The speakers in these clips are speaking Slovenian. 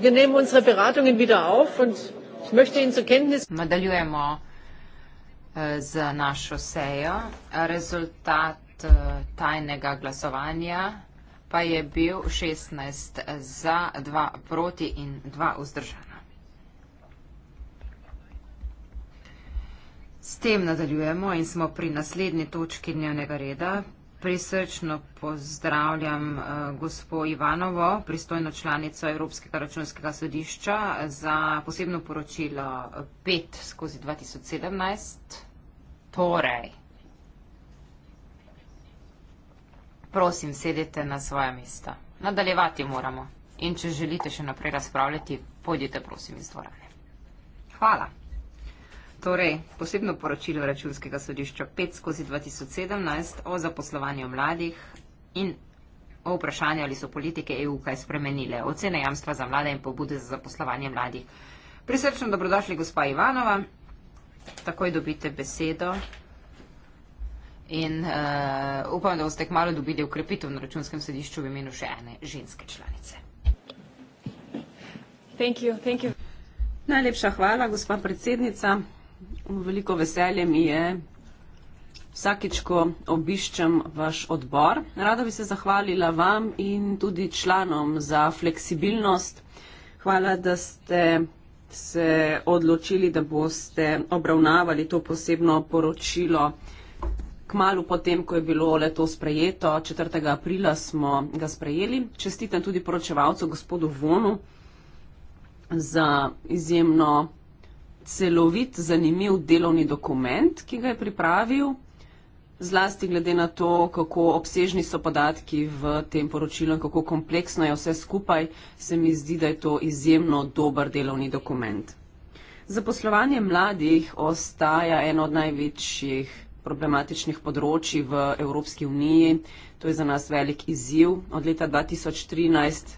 Wir nehmen unsere Beratungen wieder auf und ich möchte Ihnen zur Kenntnis. Nadaljujemo eh, z našo sejo. Rezultat eh, tajnega glasovanja pa je bil 16 za, 2 proti in 2 vzdržana. S tem nadaljujemo in smo pri naslednji točki dnevnega reda, Prisrčno pozdravljam eh, gospo Ivanovo, pristojno članico Evropskega računskega sodišča za posebno poročilo 5 skozi 2017. Torej, prosim, sedite na svoja mesta. Nadaljevati moramo. In če želite še naprej razpravljati, pojdite prosim iz dvorane. Hvala. Torej, posebno poročilo računskega sodišča 5 skozi 2017 o zaposlovanju mladih in o vprašanju, ali so politike EU kaj spremenile, ocene jamstva za mlade in pobude za zaposlovanje mladih. Prisrčno dobrodošli, gospa Ivanova. Takoj dobite besedo. In uh, upam, da boste kmalo dobili ukrepitev na računskem sodišču v imenu še ene ženske članice. Thank you, thank you. Najlepša hvala, gospa predsednica veliko veselje mi je vsakič, ko obiščem vaš odbor. Rada bi se zahvalila vam in tudi članom za fleksibilnost. Hvala, da ste se odločili, da boste obravnavali to posebno poročilo k malu potem, ko je bilo leto sprejeto. 4. aprila smo ga sprejeli. Čestitam tudi poročevalcu gospodu Vonu za izjemno celovit, zanimiv delovni dokument, ki ga je pripravil, zlasti glede na to, kako obsežni so podatki v tem poročilu in kako kompleksno je vse skupaj, se mi zdi, da je to izjemno dober delovni dokument. Zaposlovanje mladih ostaja eno od največjih problematičnih področji v Evropski uniji. To je za nas velik izziv. Od leta 2013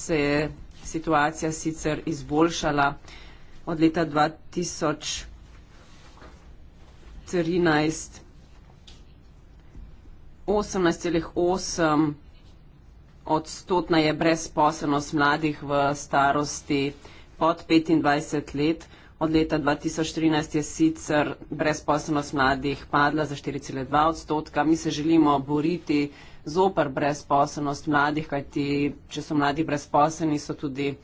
se je situacija sicer izboljšala od leta 2013 18,8 odstotna je brezposobnost mladih v starosti pod 25 let. Od leta 2013 je sicer brezposobnost mladih padla za 4,2 odstotka. Mi se želimo boriti zoper brezposobnost mladih, kajti če so mladi brezposobni, so tudi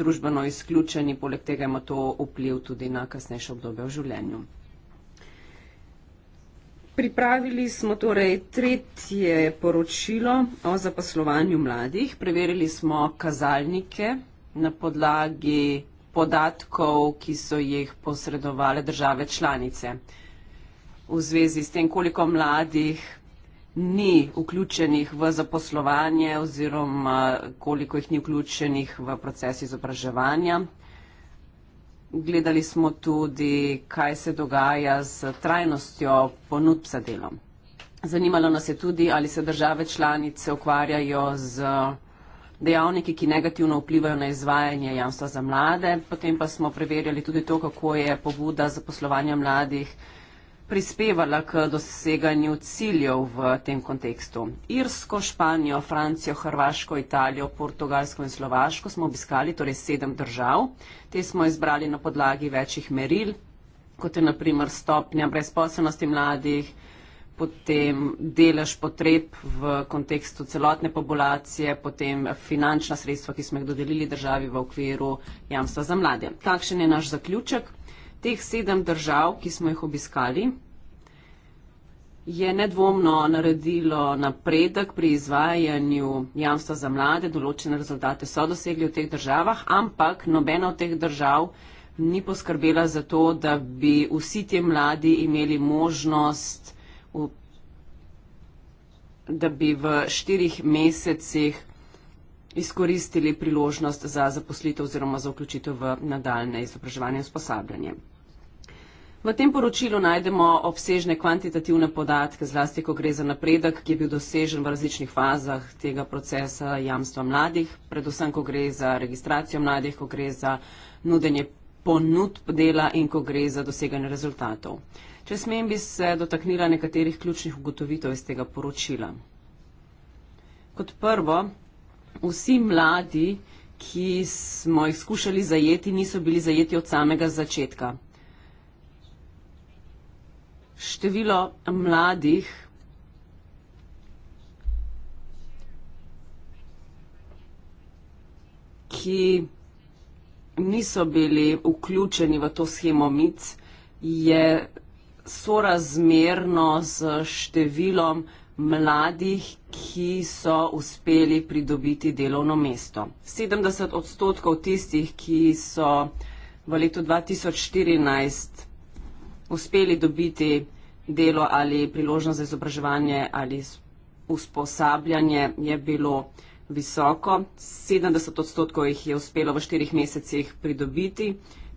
družbeno izključeni, poleg tega ima to vpliv tudi na kasnejše obdobje v življenju. Pripravili smo torej tretje poročilo o zaposlovanju mladih. Preverili smo kazalnike na podlagi podatkov, ki so jih posredovale države članice. V zvezi s tem, koliko mladih ni vključenih v zaposlovanje oziroma koliko jih ni vključenih v proces izobraževanja. Gledali smo tudi, kaj se dogaja z trajnostjo ponud za delo. Zanimalo nas je tudi, ali se države članice ukvarjajo z dejavniki, ki negativno vplivajo na izvajanje jamstva za mlade. Potem pa smo preverjali tudi to, kako je pobuda za poslovanje mladih prispevala k doseganju ciljev v tem kontekstu. Irsko, Španijo, Francijo, Hrvaško, Italijo, Portugalsko in Slovaško smo obiskali, torej sedem držav. Te smo izbrali na podlagi večjih meril, kot je naprimer stopnja brezposobnosti mladih, potem delež potreb v kontekstu celotne populacije, potem finančna sredstva, ki smo jih dodelili državi v okviru jamstva za mlade. Kakšen je naš zaključek? teh sedem držav, ki smo jih obiskali, je nedvomno naredilo napredek pri izvajanju jamstva za mlade, določene rezultate so dosegli v teh državah, ampak nobena od teh držav ni poskrbela za to, da bi vsi ti mladi imeli možnost, v, da bi v štirih mesecih izkoristili priložnost za zaposlitev oziroma za vključitev v nadaljne izobraževanje in usposabljanje. V tem poročilu najdemo obsežne kvantitativne podatke, zlasti ko gre za napredek, ki je bil dosežen v različnih fazah tega procesa jamstva mladih, predvsem ko gre za registracijo mladih, ko gre za nudenje ponudb dela in ko gre za doseganje rezultatov. Če smem, bi se dotaknila nekaterih ključnih ugotovitev iz tega poročila. Kot prvo, vsi mladi, ki smo jih skušali zajeti, niso bili zajeti od samega začetka. Število mladih ki niso bili vključeni v to schemo MIC, je sorazmerno z številom mladih, ki so uspeli pridobiti delovno mesto. 70 odstotkov tistih, ki so v letu 2014 uspeli dobiti delo ali priložnost za izobraževanje ali usposabljanje, je bilo visoko. 70 odstotkov jih je uspelo v štirih mesecih pridobiti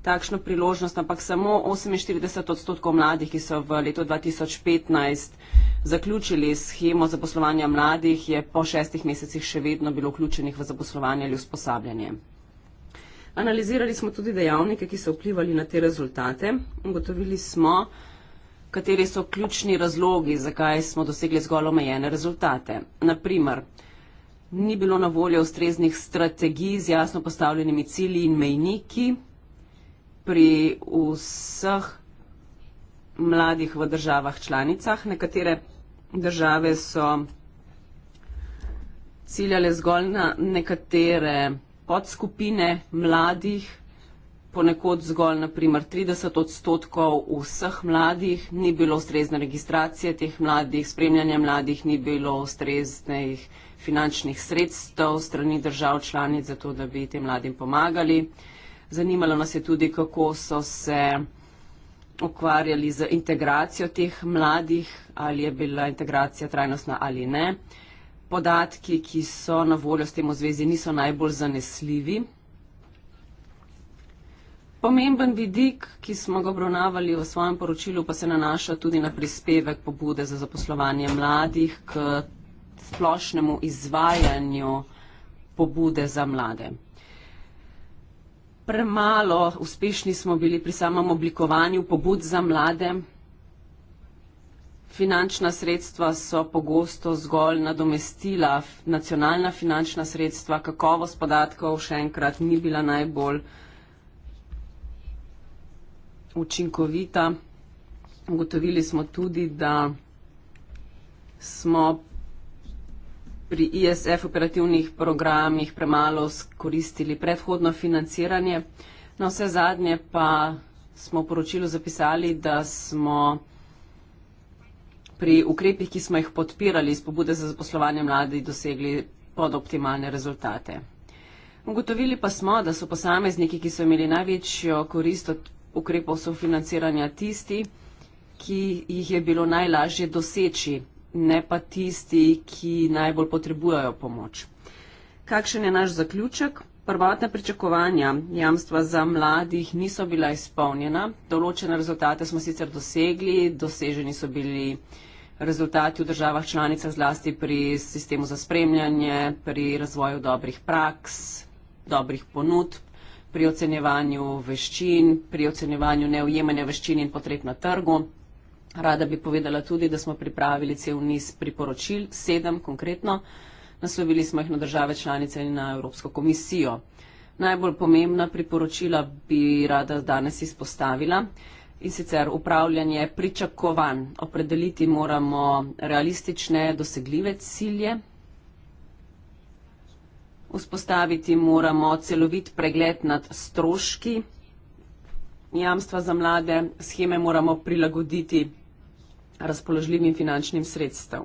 takšno priložnost, ampak samo 48 odstotkov mladih, ki so v letu 2015 zaključili schemo zaposlovanja mladih, je po šestih mesecih še vedno bilo vključenih v zaposlovanje ali usposabljanje. Analizirali smo tudi dejavnike, ki so vplivali na te rezultate. Ugotovili smo, kateri so ključni razlogi, zakaj smo dosegli zgolj omejene rezultate. Naprimer, ni bilo na voljo ustreznih strategij z jasno postavljenimi cilji in mejniki pri vseh mladih v državah članicah. Nekatere države so ciljale zgolj na nekatere podskupine mladih, ponekod zgolj naprimer 30 odstotkov vseh mladih, ni bilo ustrezne registracije teh mladih, spremljanja mladih, ni bilo ustreznih finančnih sredstev strani držav članic za to, da bi tem mladim pomagali. Zanimalo nas je tudi, kako so se ukvarjali z integracijo teh mladih, ali je bila integracija trajnostna ali ne. Podatki, ki so na voljo s tem v zvezi, niso najbolj zanesljivi. Pomemben vidik, ki smo ga obravnavali v svojem poročilu, pa se nanaša tudi na prispevek pobude za zaposlovanje mladih k splošnemu izvajanju pobude za mlade premalo uspešni smo bili pri samem oblikovanju pobud za mlade. Finančna sredstva so pogosto zgolj nadomestila nacionalna finančna sredstva, kakovost podatkov še enkrat ni bila najbolj učinkovita. Ugotovili smo tudi, da smo pri ISF e operativnih programih premalo skoristili predhodno financiranje. Na no, vse zadnje pa smo v poročilu zapisali, da smo pri ukrepih, ki smo jih podpirali iz pobude za zaposlovanje mladih, dosegli podoptimalne rezultate. Ugotovili pa smo, da so posamezniki, ki so imeli največjo korist od ukrepov sofinanciranja, tisti, ki jih je bilo najlažje doseči ne pa tisti, ki najbolj potrebujejo pomoč. Kakšen je naš zaključek? Prvotne pričakovanja jamstva za mladih niso bila izpolnjena. Določene rezultate smo sicer dosegli, doseženi so bili rezultati v državah članicah zlasti pri sistemu za spremljanje, pri razvoju dobrih praks, dobrih ponudb, pri ocenjevanju veščin, pri ocenjevanju neujemanja veščin in potreb na trgu. Rada bi povedala tudi, da smo pripravili cel niz priporočil, sedem konkretno, naslovili smo jih na države članice in na Evropsko komisijo. Najbolj pomembna priporočila bi rada danes izpostavila in sicer upravljanje pričakovanj. Opredeliti moramo realistične, dosegljive cilje. Vzpostaviti moramo celovit pregled nad stroški jamstva za mlade. Scheme moramo prilagoditi razpoložljivim finančnim sredstev.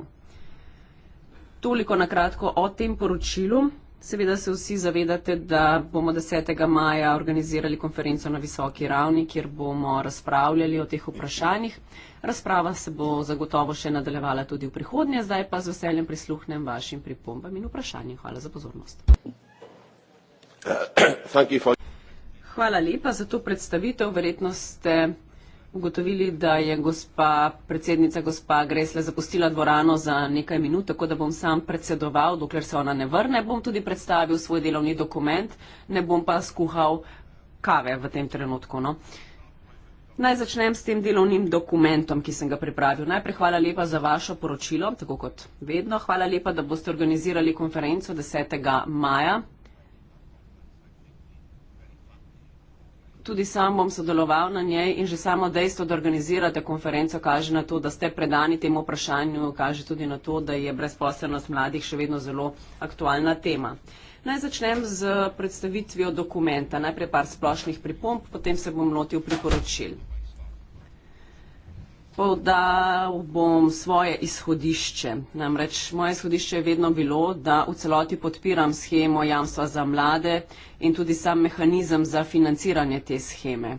Toliko na kratko o tem poročilu. Seveda se vsi zavedate, da bomo 10. maja organizirali konferenco na visoki ravni, kjer bomo razpravljali o teh vprašanjih. Razprava se bo zagotovo še nadaljevala tudi v prihodnje, zdaj pa z veseljem prisluhnem vašim pripombam in vprašanjem. Hvala za pozornost. Hvala lepa za to predstavitev. Verjetno ste ugotovili, da je gospa, predsednica gospa Gresle zapustila dvorano za nekaj minut, tako da bom sam predsedoval, dokler se ona ne vrne, bom tudi predstavil svoj delovni dokument, ne bom pa skuhal kave v tem trenutku. No. Naj začnem s tem delovnim dokumentom, ki sem ga pripravil. Najprej hvala lepa za vašo poročilo, tako kot vedno. Hvala lepa, da boste organizirali konferenco 10. maja Tudi sam bom sodeloval na njej in že samo dejstvo, da organizirate konferenco, kaže na to, da ste predani temu vprašanju, kaže tudi na to, da je brezposelnost mladih še vedno zelo aktualna tema. Naj začnem z predstavitvijo dokumenta. Najprej par splošnih pripomp, potem se bom lotil priporočil. Podal bom svoje izhodišče. Namreč moje izhodišče je vedno bilo, da v celoti podpiram schemo jamstva za mlade in tudi sam mehanizem za financiranje te scheme.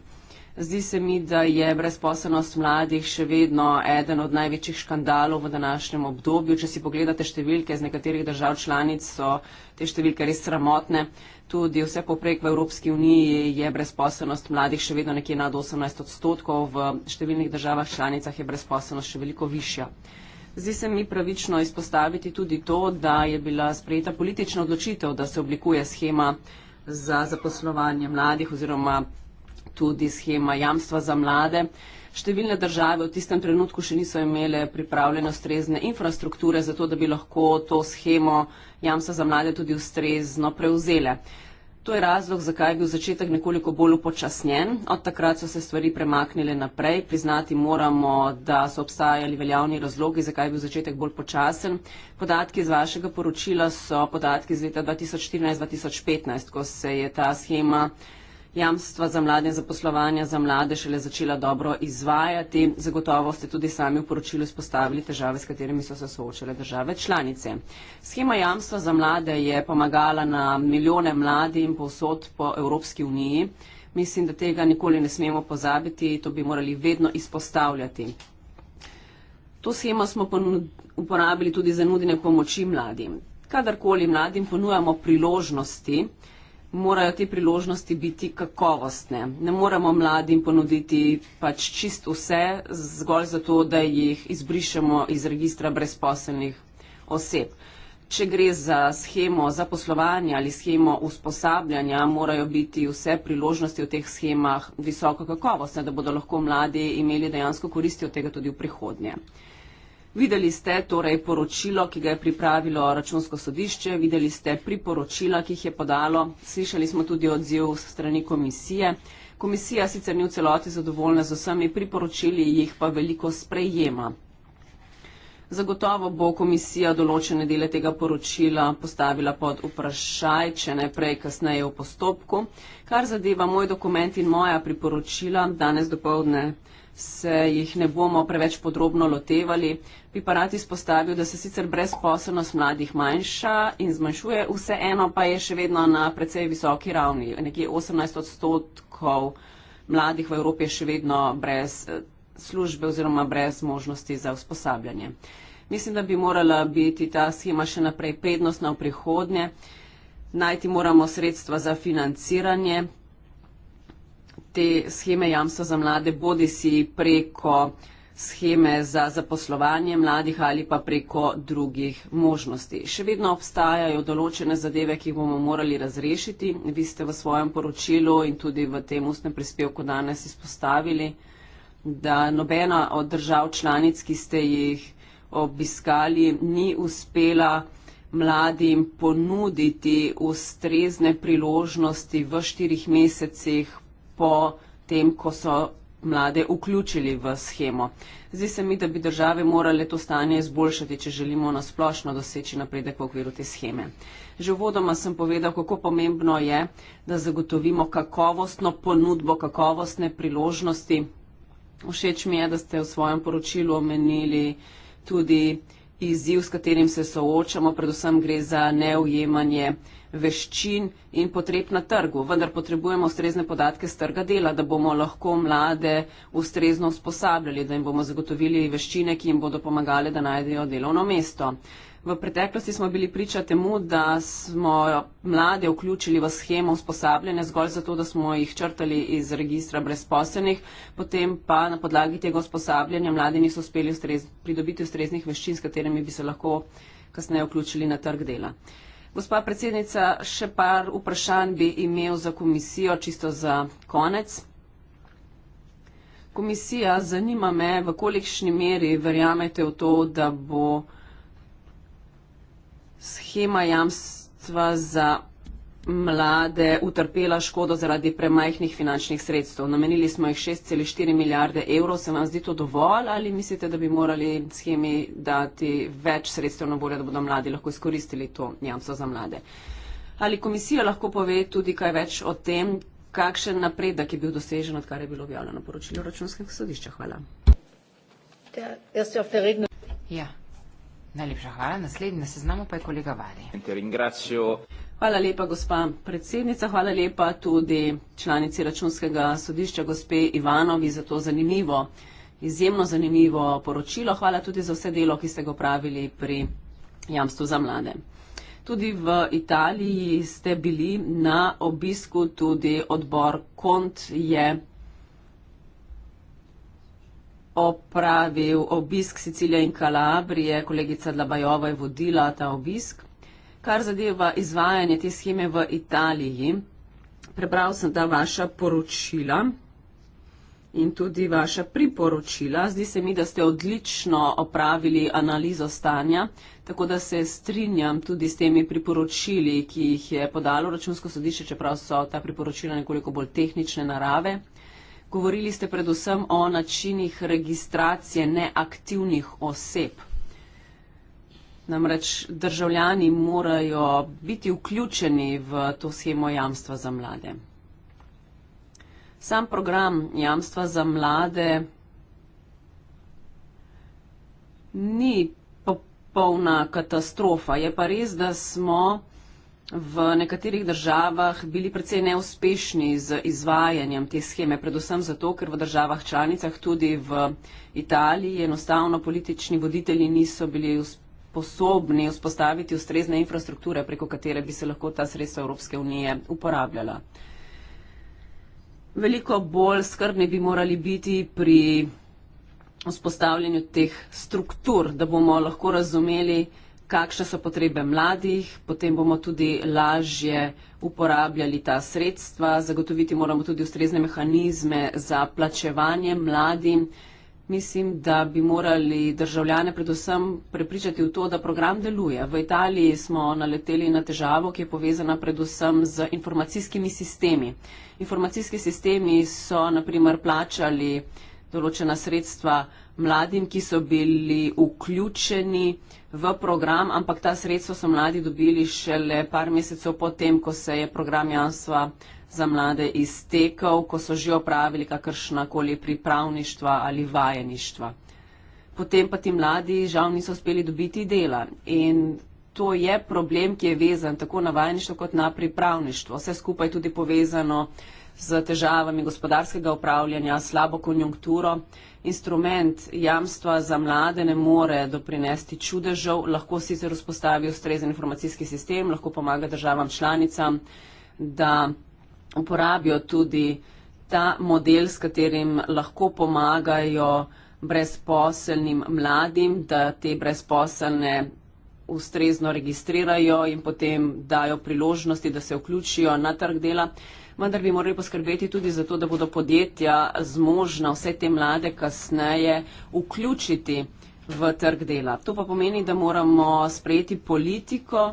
Zdi se mi, da je brezposobnost mladih še vedno eden od največjih škandalov v današnjem obdobju. Če si pogledate številke z nekaterih držav članic, so te številke res sramotne tudi vse poprek v Evropski uniji je brezposelnost mladih še vedno nekje nad 18 odstotkov, v številnih državah članicah je brezposelnost še veliko višja. Zdi se mi pravično izpostaviti tudi to, da je bila sprejeta politična odločitev, da se oblikuje schema za zaposlovanje mladih oziroma tudi schema jamstva za mlade. Številne države v tistem trenutku še niso imele pripravljene ustrezne infrastrukture, zato da bi lahko to schemo jamstva za mlade tudi ustrezno prevzele. To je razlog, zakaj je bil začetek nekoliko bolj upočasnjen. Od takrat so se stvari premaknile naprej. Priznati moramo, da so obstajali veljavni razlogi, zakaj je bil začetek bolj počasen. Podatki iz vašega poročila so podatki iz leta 2014-2015, ko se je ta schema jamstva za mlade in zaposlovanja za mlade šele začela dobro izvajati. Zagotovo ste tudi sami v poročilu izpostavili težave, s katerimi so se soočale države članice. Schema jamstva za mlade je pomagala na milijone mladi in povsod po Evropski uniji. Mislim, da tega nikoli ne smemo pozabiti, to bi morali vedno izpostavljati. To schemo smo uporabili tudi za nudine pomoči mladim. Kadarkoli mladim ponujamo priložnosti, morajo te priložnosti biti kakovostne. Ne moremo mladim ponuditi pač čist vse zgolj zato, da jih izbrišemo iz registra brezposelnih oseb. Če gre za schemo zaposlovanja ali schemo usposabljanja, morajo biti vse priložnosti v teh schemah visoko kakovostne, da bodo lahko mladi imeli dejansko koristi od tega tudi v prihodnje. Videli ste torej poročilo, ki ga je pripravilo računsko sodišče, videli ste priporočila, ki jih je podalo, slišali smo tudi odziv strani komisije. Komisija sicer ni v celoti zadovoljna z vsemi priporočili, jih pa veliko sprejema. Zagotovo bo komisija določene dele tega poročila postavila pod vprašaj, če ne prej, kasneje v postopku. Kar zadeva moj dokument in moja priporočila, danes dopovdne se jih ne bomo preveč podrobno lotevali. Bi pa rad izpostavil, da se sicer brezposobnost mladih manjša in zmanjšuje, vseeno pa je še vedno na precej visoki ravni. Nekje 18 odstotkov mladih v Evropi je še vedno brez eh, službe oziroma brez možnosti za usposabljanje. Mislim, da bi morala biti ta schema še naprej prednostna v prihodnje. Najti moramo sredstva za financiranje, te scheme jamstva za mlade, bodi si preko scheme za zaposlovanje mladih ali pa preko drugih možnosti. Še vedno obstajajo določene zadeve, ki jih bomo morali razrešiti. Vi ste v svojem poročilu in tudi v tem ustnem prispevku danes izpostavili, da nobena od držav članic, ki ste jih obiskali, ni uspela mladim ponuditi ustrezne priložnosti v štirih mesecih po tem, ko so mlade vključili v schemo. Zdi se mi, da bi države morale to stanje izboljšati, če želimo nasplošno doseči napredek v okviru te scheme. Že v vodoma sem povedal, kako pomembno je, da zagotovimo kakovostno ponudbo, kakovostne priložnosti. Všeč mi je, da ste v svojem poročilu omenili tudi izziv, s katerim se soočamo, predvsem gre za neujemanje veščin in potreb na trgu, vendar potrebujemo ustrezne podatke z trga dela, da bomo lahko mlade ustrezno usposabljali, da jim bomo zagotovili veščine, ki jim bodo pomagale, da najdejo delovno mesto. V preteklosti smo bili priča temu, da smo mlade vključili v schemo usposabljanja zgolj zato, da smo jih črtali iz registra brezposelnih, potem pa na podlagi tega usposabljanja mladi niso uspeli ustrez, pridobiti ustreznih veščin, s katerimi bi se lahko kasneje vključili na trg dela. Gospa predsednica, še par vprašanj bi imel za komisijo, čisto za konec. Komisija, zanima me, v kolikšni meri verjamete v to, da bo. Schema jamstva za mlade utrpela škodo zaradi premajhnih finančnih sredstev. Namenili smo jih 6,4 milijarde evrov. Se vam zdi to dovolj ali mislite, da bi morali schemi dati več sredstev na bolje, da bodo mladi lahko izkoristili to jamstvo za mlade? Ali komisija lahko pove tudi kaj več o tem, kakšen napredek je bil dosežen, odkar je bilo objavljeno poročilo računskega sodišča? Hvala. Ja. Najlepša hvala. Naslednji na seznamu pa je kolega Vali. Hvala lepa, gospa predsednica. Hvala lepa tudi članici računskega sodišča, gospe Ivanovi, za to zanimivo, izjemno zanimivo poročilo. Hvala tudi za vse delo, ki ste ga pravili pri jamstvu za mlade. Tudi v Italiji ste bili na obisku, tudi odbor KONT je opravil obisk Sicilije in Kalabrije, kolegica Dlabajova je vodila ta obisk. Kar zadeva izvajanje te scheme v Italiji, prebral sem ta vaša poročila in tudi vaša priporočila. Zdi se mi, da ste odlično opravili analizo stanja, tako da se strinjam tudi s temi priporočili, ki jih je podalo računsko sodišče, čeprav so ta priporočila nekoliko bolj tehnične narave. Govorili ste predvsem o načinih registracije neaktivnih oseb. Namreč državljani morajo biti vključeni v to schemo jamstva za mlade. Sam program jamstva za mlade ni popolna katastrofa. Je pa res, da smo v nekaterih državah bili precej neuspešni z izvajanjem te scheme, predvsem zato, ker v državah članicah, tudi v Italiji, enostavno politični voditelji niso bili sposobni vzpostaviti ustrezne infrastrukture, preko katere bi se lahko ta sredstva Evropske unije uporabljala. Veliko bolj skrbni bi morali biti pri vzpostavljanju teh struktur, da bomo lahko razumeli, kakšne so potrebe mladih, potem bomo tudi lažje uporabljali ta sredstva, zagotoviti moramo tudi ustrezne mehanizme za plačevanje mladim. Mislim, da bi morali državljane predvsem prepričati v to, da program deluje. V Italiji smo naleteli na težavo, ki je povezana predvsem z informacijskimi sistemi. Informacijski sistemi so naprimer plačali določena sredstva mladim, ki so bili vključeni v program, ampak ta sredstva so mladi dobili šele par mesecev potem, ko se je program jamstva za mlade iztekel, ko so že opravili kakršna koli pripravništva ali vajeništva. Potem pa ti mladi žal niso uspeli dobiti dela in to je problem, ki je vezan tako na vajeništvo kot na pripravništvo. Vse skupaj je tudi povezano z težavami gospodarskega upravljanja, slabo konjunkturo instrument jamstva za mlade ne more doprinesti čudežev, lahko sicer vzpostavi ustrezen informacijski sistem, lahko pomaga državam članicam, da uporabijo tudi ta model, s katerim lahko pomagajo brezposelnim mladim, da te brezposelne ustrezno registrirajo in potem dajo priložnosti, da se vključijo na trg dela vendar bi morali poskrbeti tudi za to, da bodo podjetja zmožna vse te mlade kasneje vključiti v trg dela. To pa pomeni, da moramo sprejeti politiko,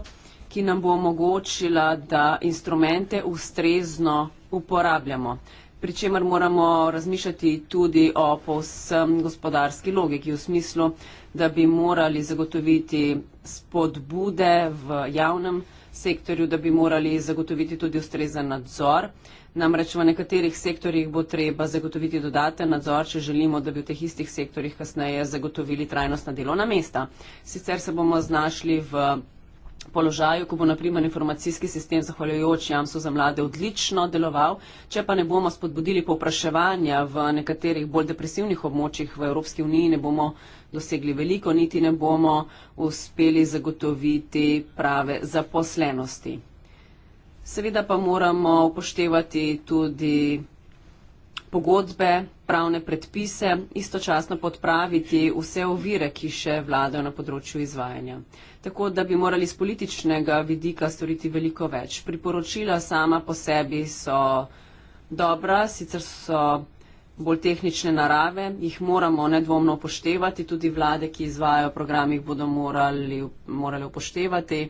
ki nam bo omogočila, da instrumente ustrezno uporabljamo. Pričemer moramo razmišljati tudi o povsem gospodarski logiki v smislu, da bi morali zagotoviti spodbude v javnem sektorju sektorju, da bi morali zagotoviti tudi ustrezen nadzor. Namreč v nekaterih sektorjih bo treba zagotoviti dodaten nadzor, če želimo, da bi v teh istih sektorjih kasneje zagotovili trajnostna delovna mesta. Sicer se bomo znašli v položaju, ko bo naprimer informacijski sistem zahvaljujoč jamstvu za mlade odlično deloval. Če pa ne bomo spodbudili povpraševanja v nekaterih bolj depresivnih območjih v Evropski uniji, ne bomo dosegli veliko, niti ne bomo uspeli zagotoviti prave zaposlenosti. Seveda pa moramo upoštevati tudi pogodbe, pravne predpise, istočasno podpraviti vse ovire, ki še vladajo na področju izvajanja. Tako da bi morali z političnega vidika storiti veliko več. Priporočila sama po sebi so dobra, sicer so bolj tehnične narave, jih moramo nedvomno upoštevati, tudi vlade, ki izvajajo program, jih bodo morali, morali upoštevati.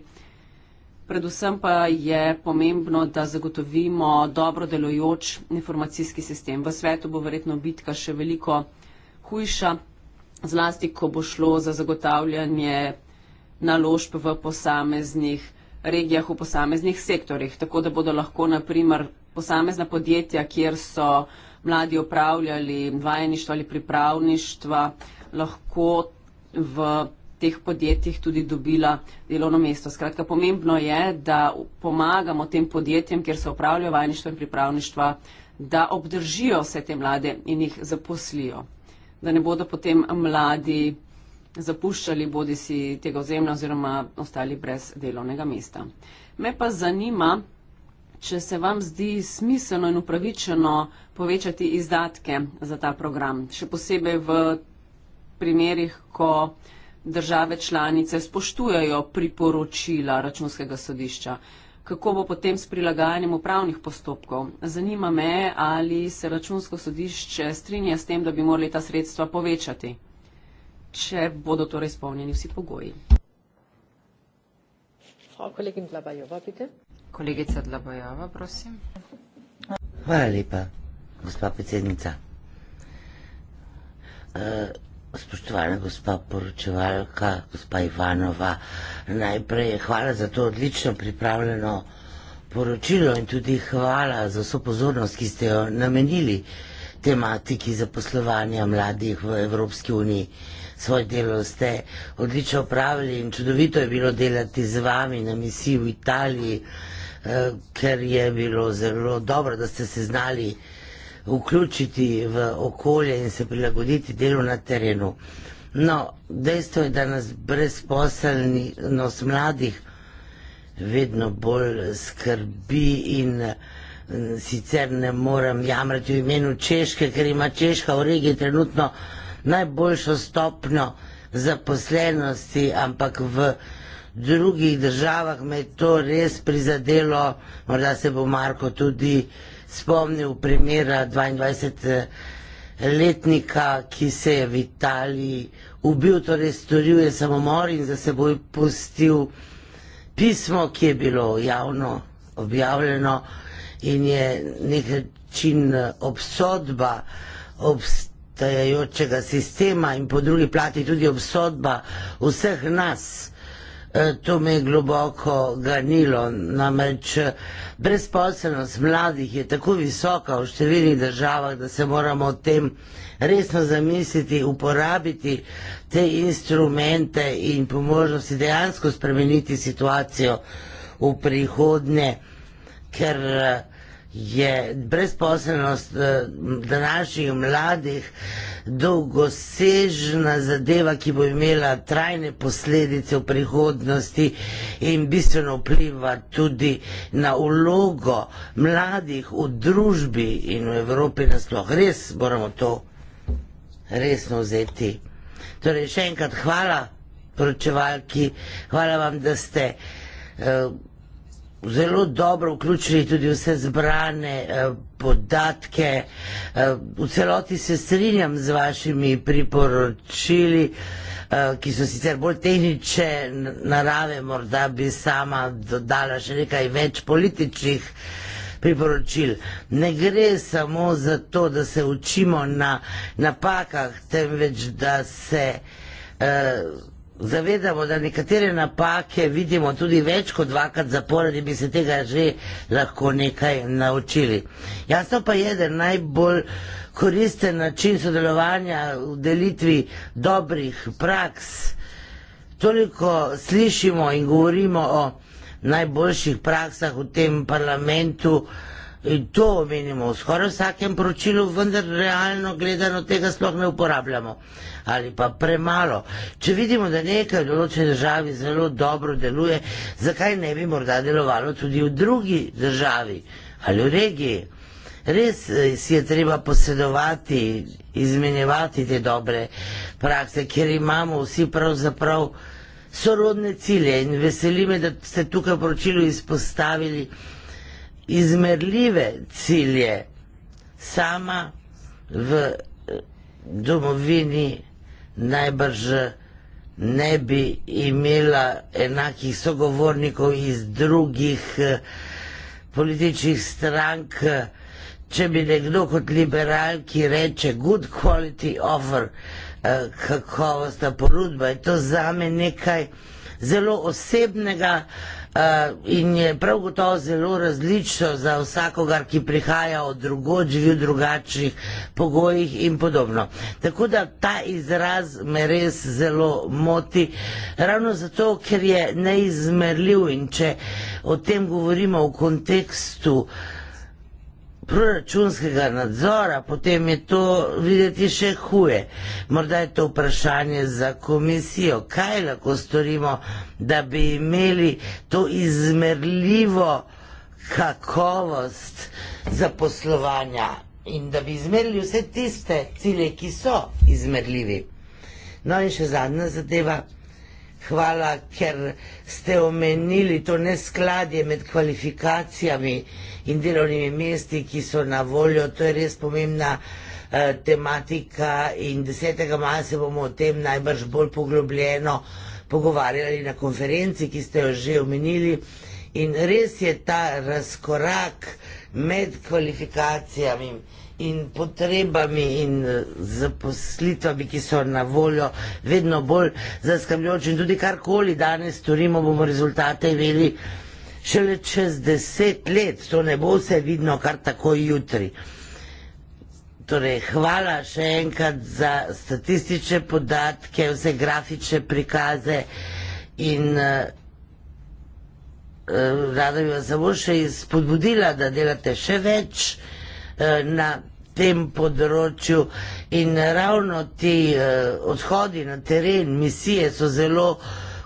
Predvsem pa je pomembno, da zagotovimo dobro delojoč informacijski sistem. V svetu bo verjetno bitka še veliko hujša, zlasti, ko bo šlo za zagotavljanje naložb v posameznih regijah, v posameznih sektorjih. Tako da bodo lahko naprimer posamezna podjetja, kjer so mladi opravljali vajeništvo ali pripravništva, lahko v teh podjetjih tudi dobila delovno mesto. Skratka, pomembno je, da pomagamo tem podjetjem, kjer se upravljajo vajništvo in pripravništva, da obdržijo vse te mlade in jih zaposlijo. Da ne bodo potem mladi zapuščali bodi si tega ozemlja oziroma ostali brez delovnega mesta. Me pa zanima, če se vam zdi smiselno in upravičeno povečati izdatke za ta program, še posebej v primerih, ko uh, države članice spoštujajo priporočila računskega sodišča. Kako bo potem s prilagajanjem upravnih postopkov? Zanima me, ali se računsko sodišče strinja s tem, da bi morali ta sredstva povečati, če bodo torej izpolnjeni vsi pogoji. Kolegica Dlabajova, prosim. Hvala lepa, gospa predsednica. Eh, Spoštovana gospa poročevalka, gospa Ivanova, najprej hvala za to odlično pripravljeno poročilo in tudi hvala za vso pozornost, ki ste jo namenili tematiki zaposlovanja mladih v Evropski uniji. Svoje delo ste odlično opravili in čudovito je bilo delati z vami na misiji v Italiji, eh, ker je bilo zelo dobro, da ste se znali vključiti v okolje in se prilagoditi delu na terenu. No, dejstvo je, da nas brezposelnost mladih vedno bolj skrbi in mm, sicer ne morem jamrati v imenu Češke, ker ima Češka v regiji trenutno najboljšo stopnjo zaposlenosti, ampak v drugih državah me je to res prizadelo, morda se bo Marko tudi uh, spomnil primera 22-letnika, ki se je v Italiji ubil, torej storil je samomor in za seboj pustil pismo, ki je bilo javno objavljeno in je nekaj eh, obsodba obstajajočega sistema in po drugi plati tudi obsodba vseh nas. Eh, to me je globoko ganilo, namreč brezposelnost mladih je tako visoka v številnih državah, da se moramo o tem resno zamisliti, uporabiti te instrumente in po možnosti dejansko spremeniti situacijo v prihodnje, ker eh, je brezposelnost eh, današnjih mladih dolgosežna zadeva, ki bo imela trajne posledice v prihodnosti in bistveno vpliva tudi na ulogo mladih v družbi in v Evropi nasploh. Res moramo to resno vzeti. Torej, še enkrat hvala poročevalki, hvala vam, da ste. Uh, zelo dobro vključili tudi vse zbrane eh, podatke. Eh, v celoti se strinjam z vašimi priporočili, eh, ki so sicer bolj tehnične narave, morda bi sama dodala še nekaj več političnih priporočil. Ne gre samo za to, da se učimo na napakah, temveč da se. Uh, zavedamo, da nekatere napake vidimo tudi več kot dvakrat zapored in bi se tega že lahko nekaj naučili. Jasno pa je, da najbolj koristen način sodelovanja v delitvi dobrih praks, toliko slišimo in govorimo o najboljših praksah v tem parlamentu, To omenimo v skoraj vsakem poročilu, vendar realno gledano tega sploh ne uporabljamo ali pa premalo. Če vidimo, da nekaj v določeni državi zelo dobro deluje, zakaj ne bi morda delovalo tudi v drugi državi ali v regiji? Res eh, si je treba posedovati, izmenjevati te dobre prakse, ker imamo vsi pravzaprav sorodne cilje in veseli me, da ste tukaj v poročilu izpostavili izmerljive cilje sama v eh, domovini najbrž ne bi imela enakih sogovornikov iz drugih eh, političnih strank, če bi nekdo kot liberal, ki reče good quality offer, eh, kakovostna porudba, je to zame nekaj zelo osebnega, Eh, in je prav gotovo zelo različno za vsakogar, ki prihaja od drugod, živi v drugačnih pogojih in podobno. Tako da ta izraz me res zelo moti, ravno zato, ker je neizmerljiv in če o tem govorimo v kontekstu uh, proračunskega nadzora, potem je to videti še huje. Morda je to vprašanje za komisijo, kaj lahko storimo, da bi imeli to izmerljivo kakovost zaposlovanja in da bi izmerili vse tiste cilje, ki so izmerljivi. No in še zadnja zadeva. Hvala, ker ste omenili to neskladje med kvalifikacijami in delovnimi mesti, ki so na voljo. To je res pomembna eh, tematika in 10. maja se bomo o tem najbrž bolj poglobljeno pogovarjali na konferenci, ki ste jo že omenili. In res je ta razkorak med kvalifikacijami in potrebami in eh, zaposlitvami, ki so na voljo, vedno bolj zaskrbljujoče. In tudi karkoli danes storimo, bomo rezultate imeli šele čez deset let. To ne bo vse vidno kar tako jutri. Torej, hvala še enkrat za statistične podatke, vse grafične prikaze in uh, rada bi vas samo še izpodbudila, da delate še več uh, na tem področju in ravno ti uh, odhodi na teren, misije so zelo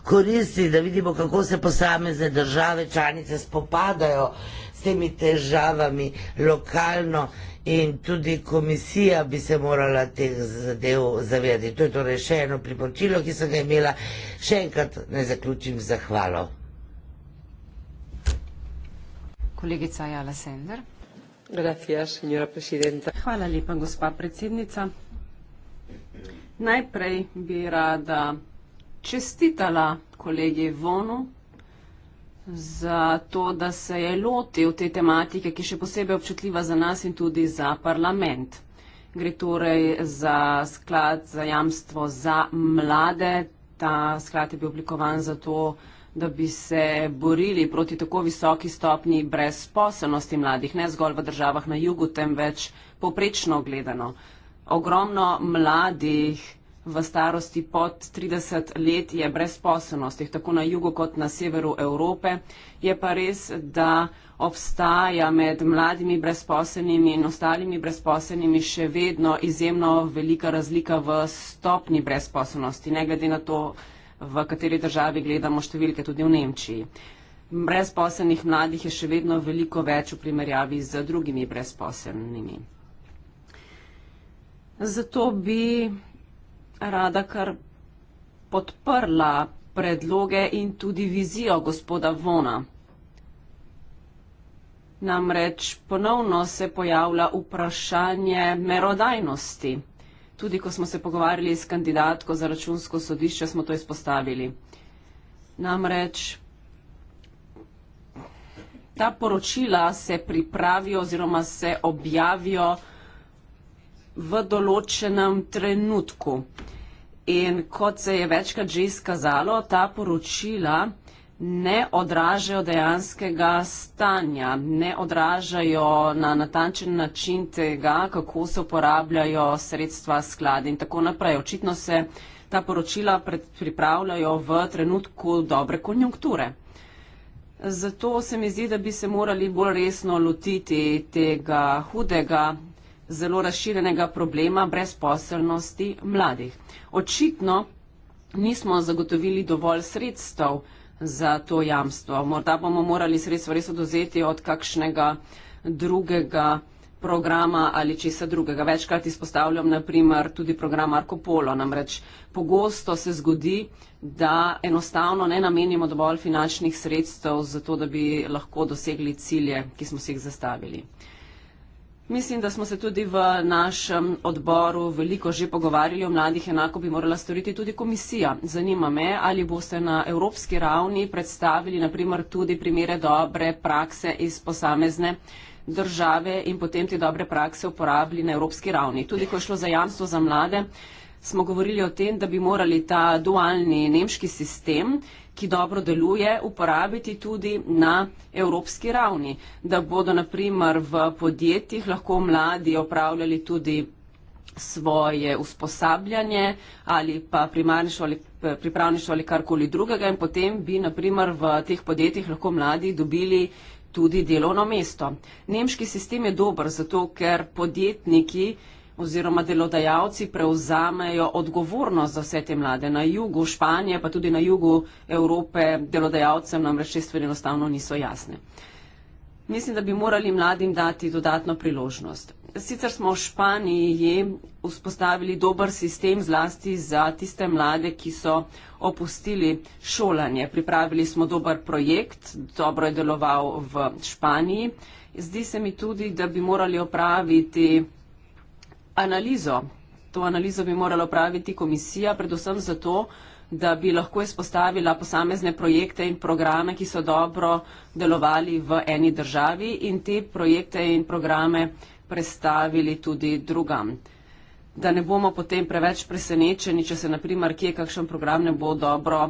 koristi, da vidimo, kako se posamezne države članice spopadajo s temi težavami lokalno in tudi komisija bi se morala teh zadev zavedati. To je torej še eno priporočilo, ki sem ga imela. Še enkrat ne zaključim zahvalo. Kolegica Jala Sender. Hvala lepa, gospa predsednica. Najprej bi rada čestitala kolegi Vonu za to, da se je lotil te tematike, ki je še posebej občutljiva za nas in tudi za parlament. Gre torej za sklad za jamstvo za mlade. Ta sklad je bil oblikovan za to, da da bi se borili proti tako visoki stopni brezposelnosti mladih, ne zgolj v državah na jugu, temveč poprečno gledano. Ogromno mladih v starosti pod 30 let je brezposelnosti, tako na jugu kot na severu Evrope. Je pa res, da obstaja med mladimi brezposelnimi in ostalimi brezposelnimi še vedno izjemno velika razlika v stopni brezposelnosti, ne glede na to, v kateri državi gledamo številke, tudi v Nemčiji. Brezposelnih mladih je še vedno veliko več v primerjavi z drugimi brezposelnimi. Zato bi rada kar podprla predloge in tudi vizijo gospoda Vona. Namreč ponovno se pojavlja vprašanje merodajnosti. Tudi ko smo se pogovarjali s kandidatko za računsko sodišče, smo to izpostavili. Namreč ta poročila se pripravijo oziroma se objavijo v določenem trenutku. In kot se je večkrat že izkazalo, ta poročila ne odražajo dejanskega stanja, ne odražajo na natančen način tega, kako se uporabljajo sredstva sklada in tako naprej. Očitno se ta poročila pripravljajo v trenutku dobre konjunkture. Zato se mi zdi, da bi se morali bolj resno lotiti tega hudega, zelo razširjenega problema brezposelnosti mladih. Očitno nismo zagotovili dovolj sredstev, za to jamstvo. Morda bomo morali sredstva res oduzeti od kakšnega drugega programa ali česa drugega. Večkrat izpostavljam naprimer tudi program Marko Polo, namreč pogosto se zgodi, da enostavno ne namenimo dovolj finančnih sredstev za to, da bi lahko dosegli cilje, ki smo si jih zastavili. Mislim, da smo se tudi v našem odboru veliko že pogovarjali o mladih, enako bi morala storiti tudi komisija. Zanima me, ali boste na evropski ravni predstavili naprimer tudi primere dobre prakse iz posamezne države in potem te dobre prakse uporabili na evropski ravni. Tudi ko je šlo za jamstvo za mlade, smo govorili o tem, da bi morali ta dualni nemški sistem, ki dobro deluje, uporabiti tudi na evropski ravni, da bodo naprimer v podjetjih lahko mladi opravljali tudi svoje usposabljanje ali pa primarnišo ali pripravnišo ali karkoli drugega in potem bi naprimer v teh podjetjih lahko mladi dobili tudi delovno mesto. Nemški sistem je dober zato, ker podjetniki oziroma delodajalci prevzamejo odgovornost za vse te mlade. Na jugu Španije, pa tudi na jugu Evrope, delodajalcem namreč te stvari enostavno niso jasne. Mislim, da bi morali mladim dati dodatno priložnost. Sicer smo v Španiji vzpostavili dober sistem zlasti za tiste mlade, ki so opustili šolanje. Pripravili smo dober projekt, dobro je deloval v Španiji. Zdi se mi tudi, da bi morali opraviti analizo. To analizo bi morala praviti komisija, predvsem zato, da bi lahko izpostavila posamezne projekte in programe, ki so dobro delovali v eni državi in te projekte in programe predstavili tudi drugam. Da ne bomo potem preveč presenečeni, če se naprimer kje kakšen program ne bo dobro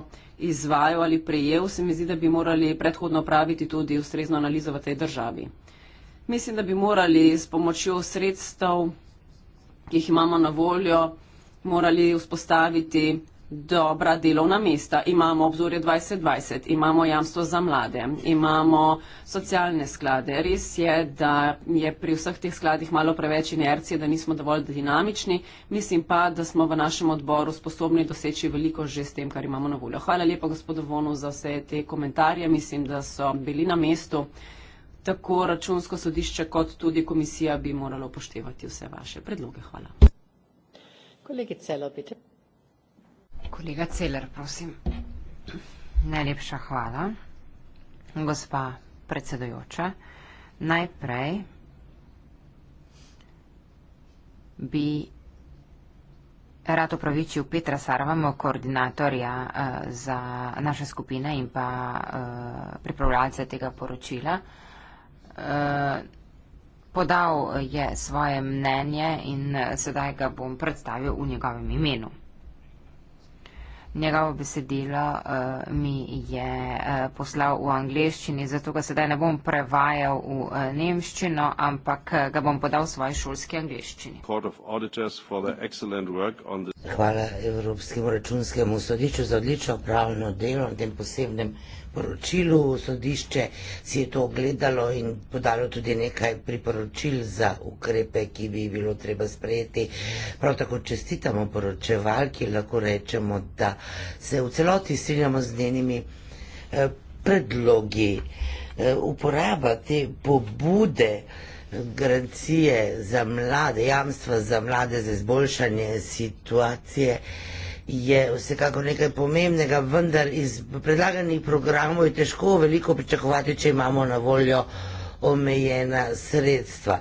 izvajal ali prejel, se mi zdi, da bi morali predhodno praviti tudi ustrezno analizo v tej državi. Mislim, da bi morali s pomočjo sredstev ki jih imamo na voljo, morali vzpostaviti dobra delovna mesta. Imamo obzorje 2020, imamo jamstvo za mlade, imamo socialne sklade. Res je, da je pri vseh teh skladih malo preveč inercije, da nismo dovolj dinamični. Mislim pa, da smo v našem odboru sposobni doseči veliko že s tem, kar imamo na voljo. Hvala lepa gospodu Vonu za vse te komentarje. Mislim, da so bili na mestu tako računsko sodišče kot tudi komisija bi moralo upoštevati vse vaše predloge. Hvala. Kolega Celer, prosim. Najlepša hvala. Gospa predsedojoča, najprej bi rad upravičil Petra Sarvamo, koordinatorja uh, za naše skupine in pa uh, eh, pripravljalce tega poročila. Uh, Eh, podal je svoje mnenje in eh, sedaj ga bom predstavil v njegovem imenu. Njegovo besedilo uh, mi je uh, poslal v angleščini, zato ga sedaj ne bom prevajal v uh, nemščino, ampak uh, ga bom podal v svoji šolski angleščini. Hvala Evropskemu računskemu sodišču za odlično pravno delo na tem posebnem poročilu. Sodišče si je to ogledalo in podalo tudi nekaj priporočil za ukrepe, ki bi jih bilo treba sprejeti. Prav tako čestitamo poročevalki, lahko rečemo, da se v celoti strinjamo z njenimi eh, predlogi. Eh, uporaba te pobude, eh, garancije za mlade, jamstva za mlade, za izboljšanje situacije je vsekako nekaj pomembnega, vendar iz predlaganih programov je težko veliko pričakovati, če imamo na voljo omejena sredstva.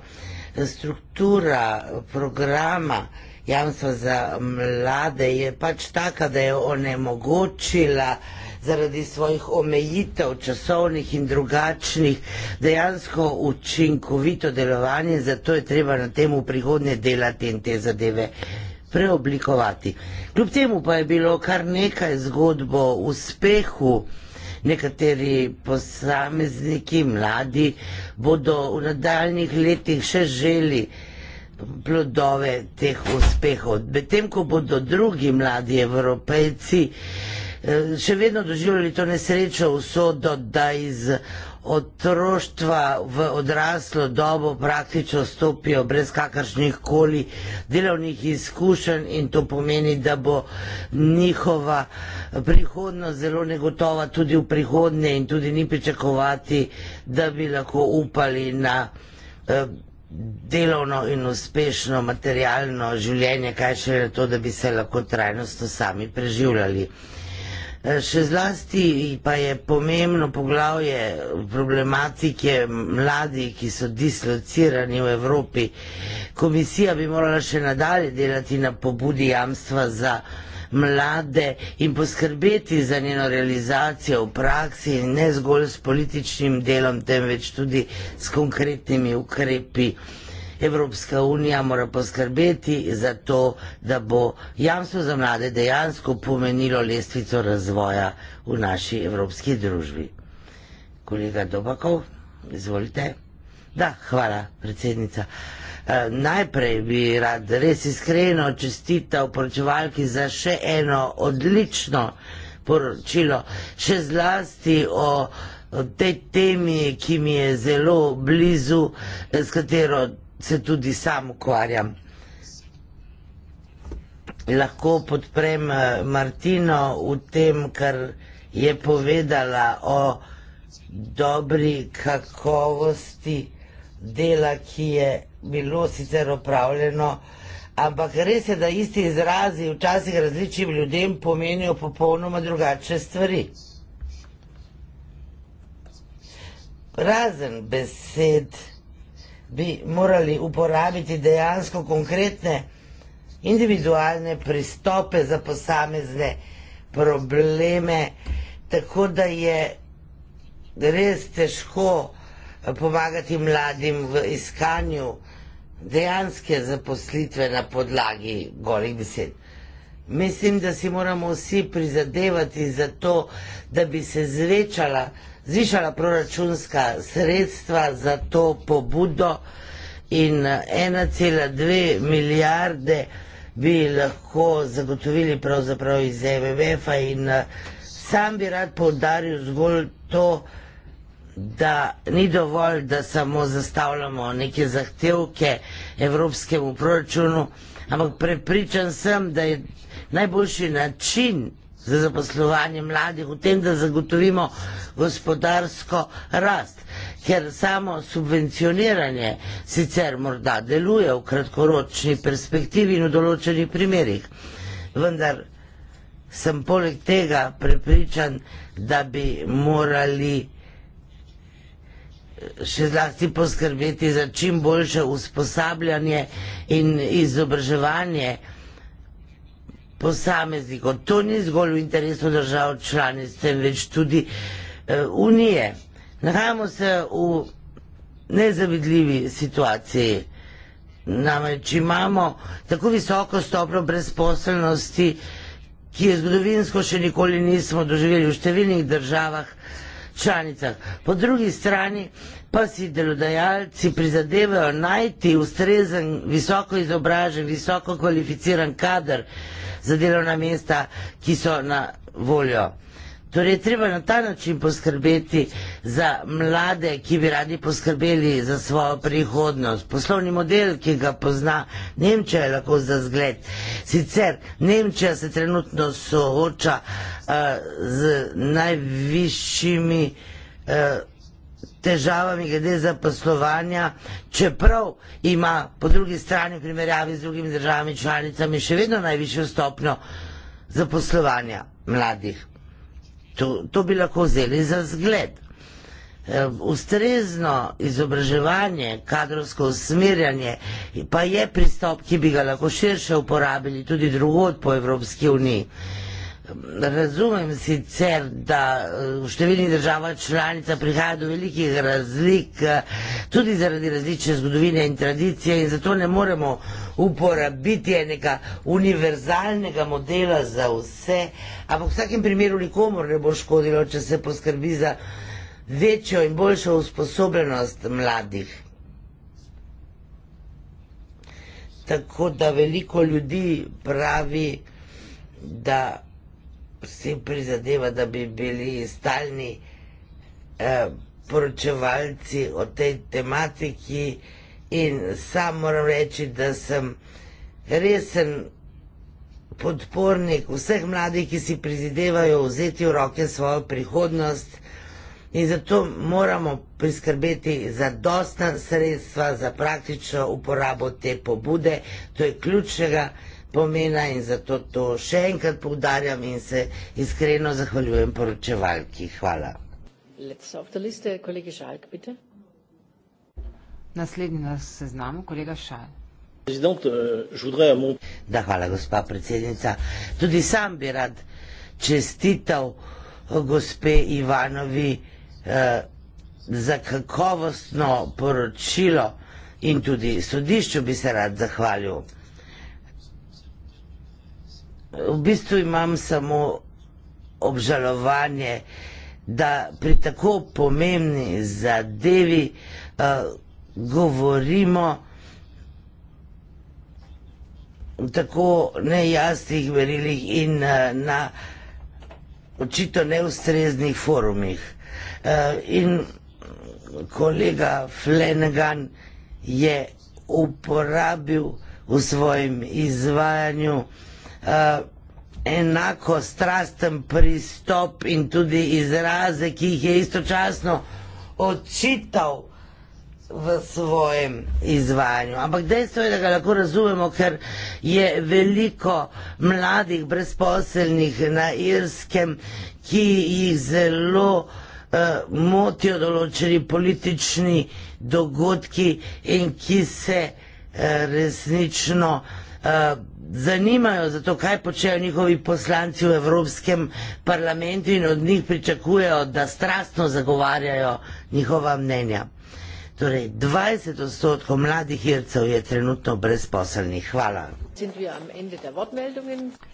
Struktura programa jamstva za mlade je pač taka, da je onemogočila zaradi svojih omejitev časovnih in drugačnih dejansko učinkovito delovanje, zato je treba na tem v prihodnje delati in te zadeve preoblikovati. Kljub temu pa je bilo kar nekaj zgodb o uspehu. Nekateri posamezniki, mladi, bodo v nadaljnih letih še želi plodove teh uspehov. Medtem ko bodo drugi mladi evropejci eh, še vedno doživljali to nesrečo usodo, da iz otroštva v odraslo dobo praktično stopijo brez kakršnih koli delovnih izkušenj in to pomeni, da bo njihova prihodnost zelo negotova tudi v prihodnje in tudi ni pričakovati, da bi lahko upali na eh, delovno in uspešno materialno življenje, kaj še je to, da bi se lahko trajnostno sami preživljali. E, še zlasti pa je pomembno poglavje problematike mladih, ki so dislocirani v Evropi. Komisija bi morala še nadalje delati na pobudi jamstva za mlade in poskrbeti za njeno realizacijo v praksi, ne zgolj s političnim delom, temveč tudi s konkretnimi ukrepi. Evropska unija mora poskrbeti za to, da bo jamstvo za mlade dejansko pomenilo lestvico razvoja v naši evropski družbi. Kolega Dobakov, izvolite. Da, hvala, predsednica. Eh, najprej bi rad res iskreno čestital poročevalki za še eno odlično poročilo, še zlasti o tej temi, ki mi je zelo blizu, eh, s katero se tudi sam ukvarjam. Lahko podprem eh, Martino v tem, kar je povedala o dobri kakovosti dela, ki je bilo sicer opravljeno, ampak res je, da isti izrazi včasih različnim ljudem pomenijo popolnoma drugačne stvari. Razen besed bi morali uporabiti dejansko konkretne individualne pristope za posamezne probleme, tako da je res težko pomagati mladim v iskanju dejanske zaposlitve na podlagi golih besed. Mislim, da si moramo vsi prizadevati za to, da bi se zvečala zvišala proračunska sredstva za to pobudo in 1,2 eh, milijarde bi lahko zagotovili pravzaprav iz MMF-a in eh, sam bi rad povdaril zgolj to, da ni dovolj, da samo zastavljamo neke zahtevke evropskemu proračunu, ampak prepričan sem, da je najboljši način, za zaposlovanje mladih, v tem, da zagotovimo gospodarsko rast. Ker samo subvencioniranje sicer morda deluje v kratkoročni perspektivi in v določenih primerjih, vendar sem poleg tega prepričan, da bi morali eh, še zlasti poskrbeti za čim boljše usposabljanje in izobraževanje posameznikov. To ni zgolj v interesu držav članic, temveč tudi eh, unije. Nahajamo se v nezavidljivi situaciji. Namreč imamo tako visoko stopno brezposelnosti, ki je zgodovinsko še nikoli nismo doživeli v številnih državah članicah. Po drugi strani pa si delodajalci prizadevajo najti ustrezen, visoko izobražen, visoko kvalificiran kader za delovna mesta, ki so na voljo. Torej, treba na ta način poskrbeti za mlade, ki bi radi poskrbeli za svojo prihodnost. Poslovni model, ki ga pozna Nemčija, je lahko za zgled. Sicer Nemčija se trenutno sooča uh, z najvišjimi uh, težavami glede zaposlovanja, čeprav ima po drugi strani primerjavi z drugimi državami članicami še vedno najvišjo stopno zaposlovanja mladih. To, to bi lahko vzeli za zgled. E, ustrezno izobraževanje, kadrovsko usmerjanje pa je pristop, ki bi ga lahko širše uporabili tudi drugod po Evropski uniji. Razumem sicer, da v številnih državah članica prihaja do velikih razlik, tudi zaradi različne zgodovine in tradicije in zato ne moremo uporabiti enega univerzalnega modela za vse, ampak v vsakem primeru nikomor ne bo škodilo, če se poskrbi za večjo in boljšo usposobljenost mladih. Tako da veliko ljudi pravi, da si prizadeva, da bi bili stalni eh, poročevalci o tej tematiki in sam moram reči, da sem resen podpornik vseh mladih, ki si prizadevajo vzeti v roke svojo prihodnost in zato moramo priskrbeti za dostna sredstva za praktično uporabo te pobude, to je ključnega pomena in zato to še enkrat poudarjam in se iskreno zahvaljujem poročevalki. Hvala. Eh, Naslednji na seznamu, kolega Šal. Eh, da, hvala, gospa predsednica. Tudi sam bi rad čestital eh, gospe Ivanovi eh, za kakovostno poročilo in tudi sodišču bi se rad zahvalil. V bistvu imam samo obžalovanje, da pri tako pomembni zadevi uh, govorimo v tako nejasnih verilih in uh, na očito neustreznih forumih. Uh, in kolega Flenegan je uporabil v svojem izvajanju uh, Eh, enako strasten pristop in tudi izraze, ki jih je istočasno očital v svojem izvajanju. Ampak dejstvo je, da ga lahko razumemo, ker je veliko mladih brezposelnih na Irskem, ki jih zelo uh, motijo določeni politični dogodki in ki se uh, resnično uh, Eh, zanimajo za to, kaj počnejo njihovi poslanci v Evropskem parlamentu in od njih pričakujejo, da strastno zagovarjajo njihova mnenja. Torej, 20 odstotkov mladih Ircev je trenutno brezposelnih. Hvala.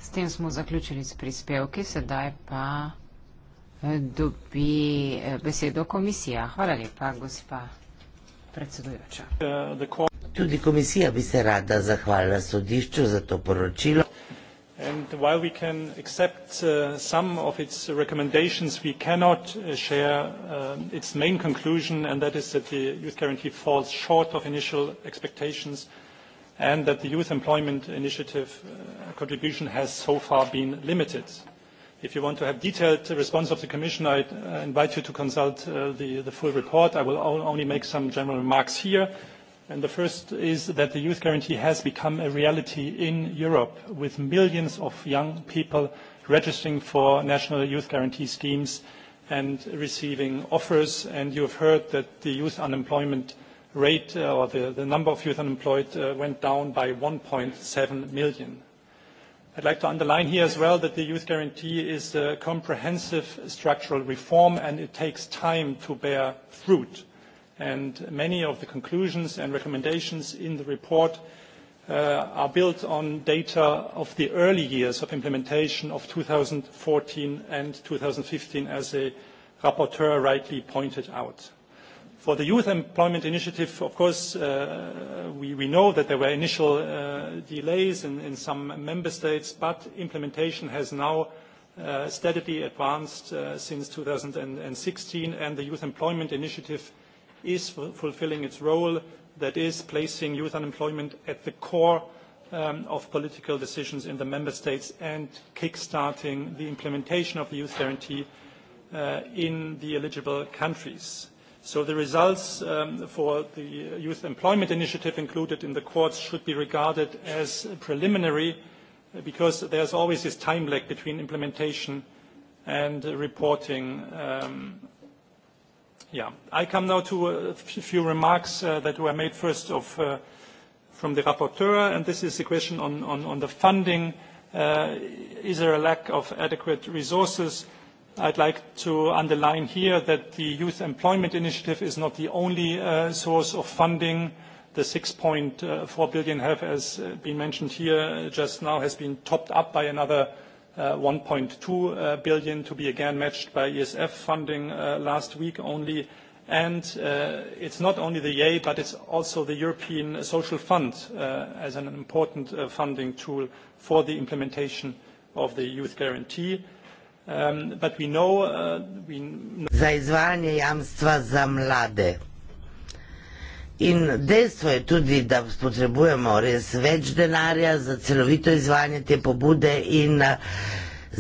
S tem smo zaključili s prispevki, sedaj pa eh, dobi eh, besedo komisija. Hvala lepa, gospa predsedujoča. Tudi komisija bi se rada zahvalila sodišču za to poročilo. And while we can accept uh, some of its recommendations, we cannot uh, share uh, its main conclusion, and that is that the youth guarantee falls short of initial expectations, and that the youth employment initiative uh, contribution has so far been limited. If you want to have detailed response of the Commission, I uh, invite you to consult uh, the, the full report. I will only make some general remarks here. The first is that the Youth Guarantee has become a reality in Europe, with millions of young people registering for national Youth Guarantee schemes and receiving offers. You have heard that the youth unemployment rate uh, or the number of youth unemployed uh, went down by 1.7 million. I'd like to underline here as well that the Youth Guarantee is a comprehensive structural reform, and it takes time to bear fruit and many of the conclusions and recommendations in the report uh, are built on data of the early years of implementation of 2014 and 2015, as the rapporteur rightly pointed out. For the Youth Employment Initiative, of course, uh, we, we know that there were initial uh, delays in, in some member states, but implementation has now uh, steadily advanced uh, since 2016, and the Youth Employment Initiative – is f fulfilling its role, that is placing youth unemployment at the core um, of political decisions in the member states and kickstarting the implementation of the youth guarantee uh, in the eligible countries. So the results um, for the youth employment initiative included in the courts should be regarded as preliminary because there's always this time lag between implementation and reporting um, Yeah. I come now to a few remarks uh, that were made first of, uh, from the rapporteur, and this is the question on, on, on the funding. Uh, is there a lack of adequate resources? I'd like to underline here that the Youth Employment Initiative is not the only uh, source of funding. The 6.4 uh, billion have, as uh, been mentioned here uh, just now, has been topped up by another 1.2 uh, uh, billion to be again matched by ESF funding uh, last week only. It's not only the EA, but it's also the European Social Fund as an important funding tool for the implementation of the Youth Guarantee. Um, we know. In dejstvo je tudi, da potrebujemo res več denarja za celovito izvajanje te pobude in eh,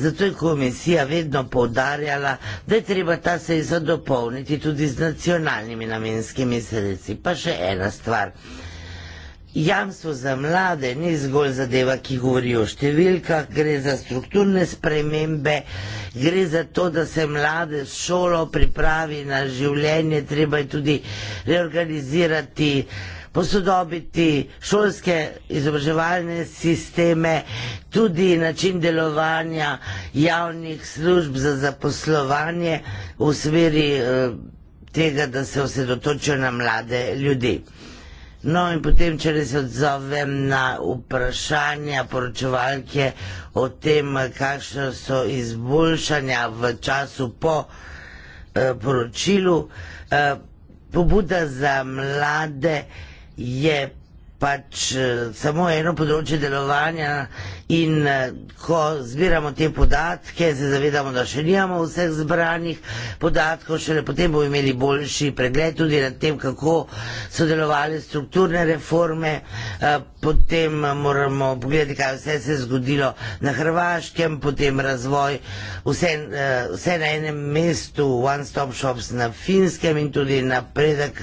zato je komisija vedno povdarjala, da je treba ta sejza dopolniti tudi z nacionalnimi namenskimi sredstvi. Pa še ena stvar. Jamstvo za mlade ni zgolj zadeva, ki govori o številkah, gre za strukturne spremembe, gre za to, da se mlade s šolo pripravi na življenje, treba je tudi reorganizirati, posodobiti šolske izobraževalne sisteme, tudi način delovanja javnih služb za zaposlovanje v smeri eh, tega, da se osredotočijo na mlade ljudi. No in potem, če res odzovem na vprašanja poročevalke o tem, kakšne so izboljšanja v času po eh, poročilu, eh, pobuda za mlade je pač eh, samo eno področje delovanja in eh, ko zbiramo te podatke, se zavedamo, da še nimamo vseh zbranih podatkov, šele potem bomo imeli boljši pregled tudi nad tem, kako so delovali strukturne reforme, eh, potem moramo pogledati, kaj vse se je zgodilo na Hrvaškem, potem razvoj vse, vse na enem mestu, one stop shops na Finskem in tudi napredek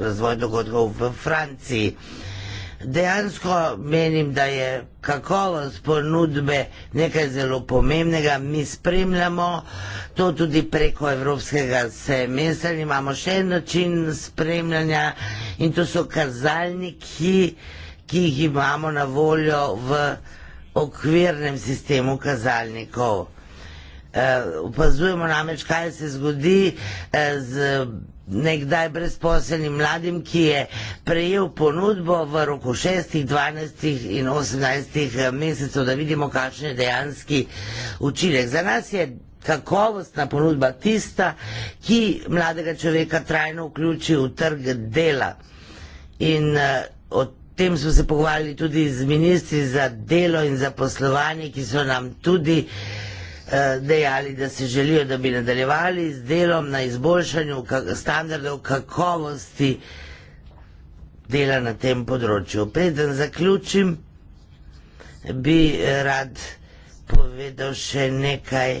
razvoj dogodkov v Franciji dejansko menim, da je kakovost ponudbe nekaj zelo pomembnega. Mi spremljamo to tudi preko evropskega semestra in imamo še en način spremljanja in to so kazalniki, ki jih imamo na voljo v okvirnem sistemu kazalnikov. Uh, eh, upazujemo namreč, kaj se zgodi uh, z nekdaj brezposelnim mladim, ki je prejel ponudbo v roku 6, 12 in 18 eh, mesecev, da vidimo, kakšen je dejanski učinek. Za nas je kakovostna ponudba tista, ki mladega človeka trajno vključi v trg dela. In eh, o tem smo se pogovarjali tudi z ministri za delo in za poslovanje, ki so nam tudi uh, Eh, dejali, da si želijo, da bi nadaljevali z delom na izboljšanju standardov kakovosti dela na tem področju. Preden zaključim, bi rad povedal še nekaj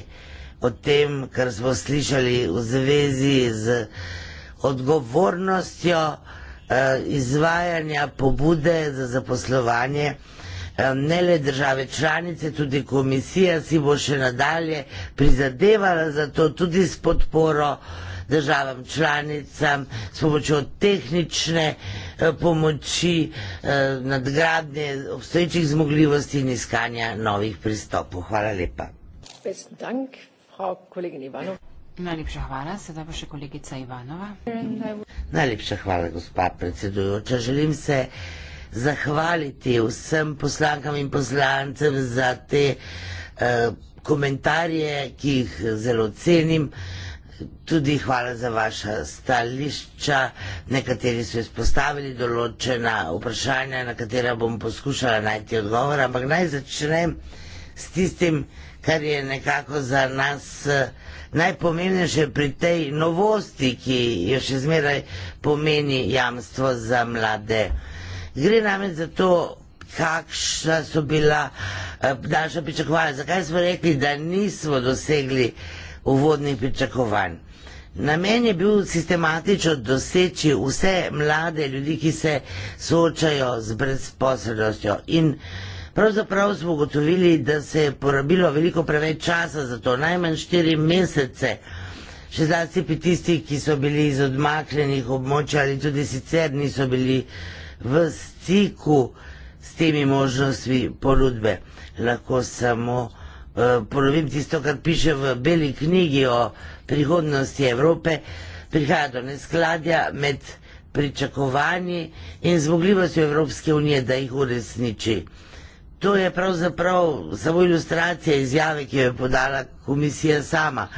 o tem, kar smo slišali v zvezi z odgovornostjo eh, izvajanja pobude za zaposlovanje. Eh, ne le države članice, tudi komisija si bo še nadalje prizadevala za to, tudi s podporo državam članicam, s pomočjo tehnične eh, pomoči, eh, nadgradnje obstoječih zmogljivosti in iskanja novih pristopov. Hvala lepa. Najlepša hvala, sedaj pa še kolegica Ivanova. Najlepša hvala, gospa predsedujoča. Želim se zahvaliti vsem poslankam in poslancem za te eh, komentarje, ki jih zelo cenim. Tudi hvala za vaša stališča. Nekateri so izpostavili določena vprašanja, na katera bom poskušala najti odgovor, ampak naj začnem s tistim, kar je nekako za nas eh, najpomembnejše pri tej novosti, ki jo še zmeraj pomeni jamstvo za mlade. Gre namreč za to, kakšna so bila eh, naša pričakovanja. Zakaj smo rekli, da nismo dosegli uvodnih pričakovanj? Namen je bil sistematično doseči vse mlade ljudi, ki se soočajo z brezposelnostjo. In pravzaprav smo ugotovili, da se je porabilo veliko preveč časa za to, najmanj štiri mesece, še zlasti pri tistih, ki so bili iz odmaknjenih območja ali tudi sicer niso bili v stiku s temi možnostmi ponudbe. Lahko samo uh, ponovim tisto, kar piše v Beli knjigi o prihodnosti Evrope. Prihaja do neskladja med pričakovanji in zmogljivostjo Evropske unije, da jih uresniči. To je pravzaprav samo ilustracija izjave, ki jo je podala komisija sama.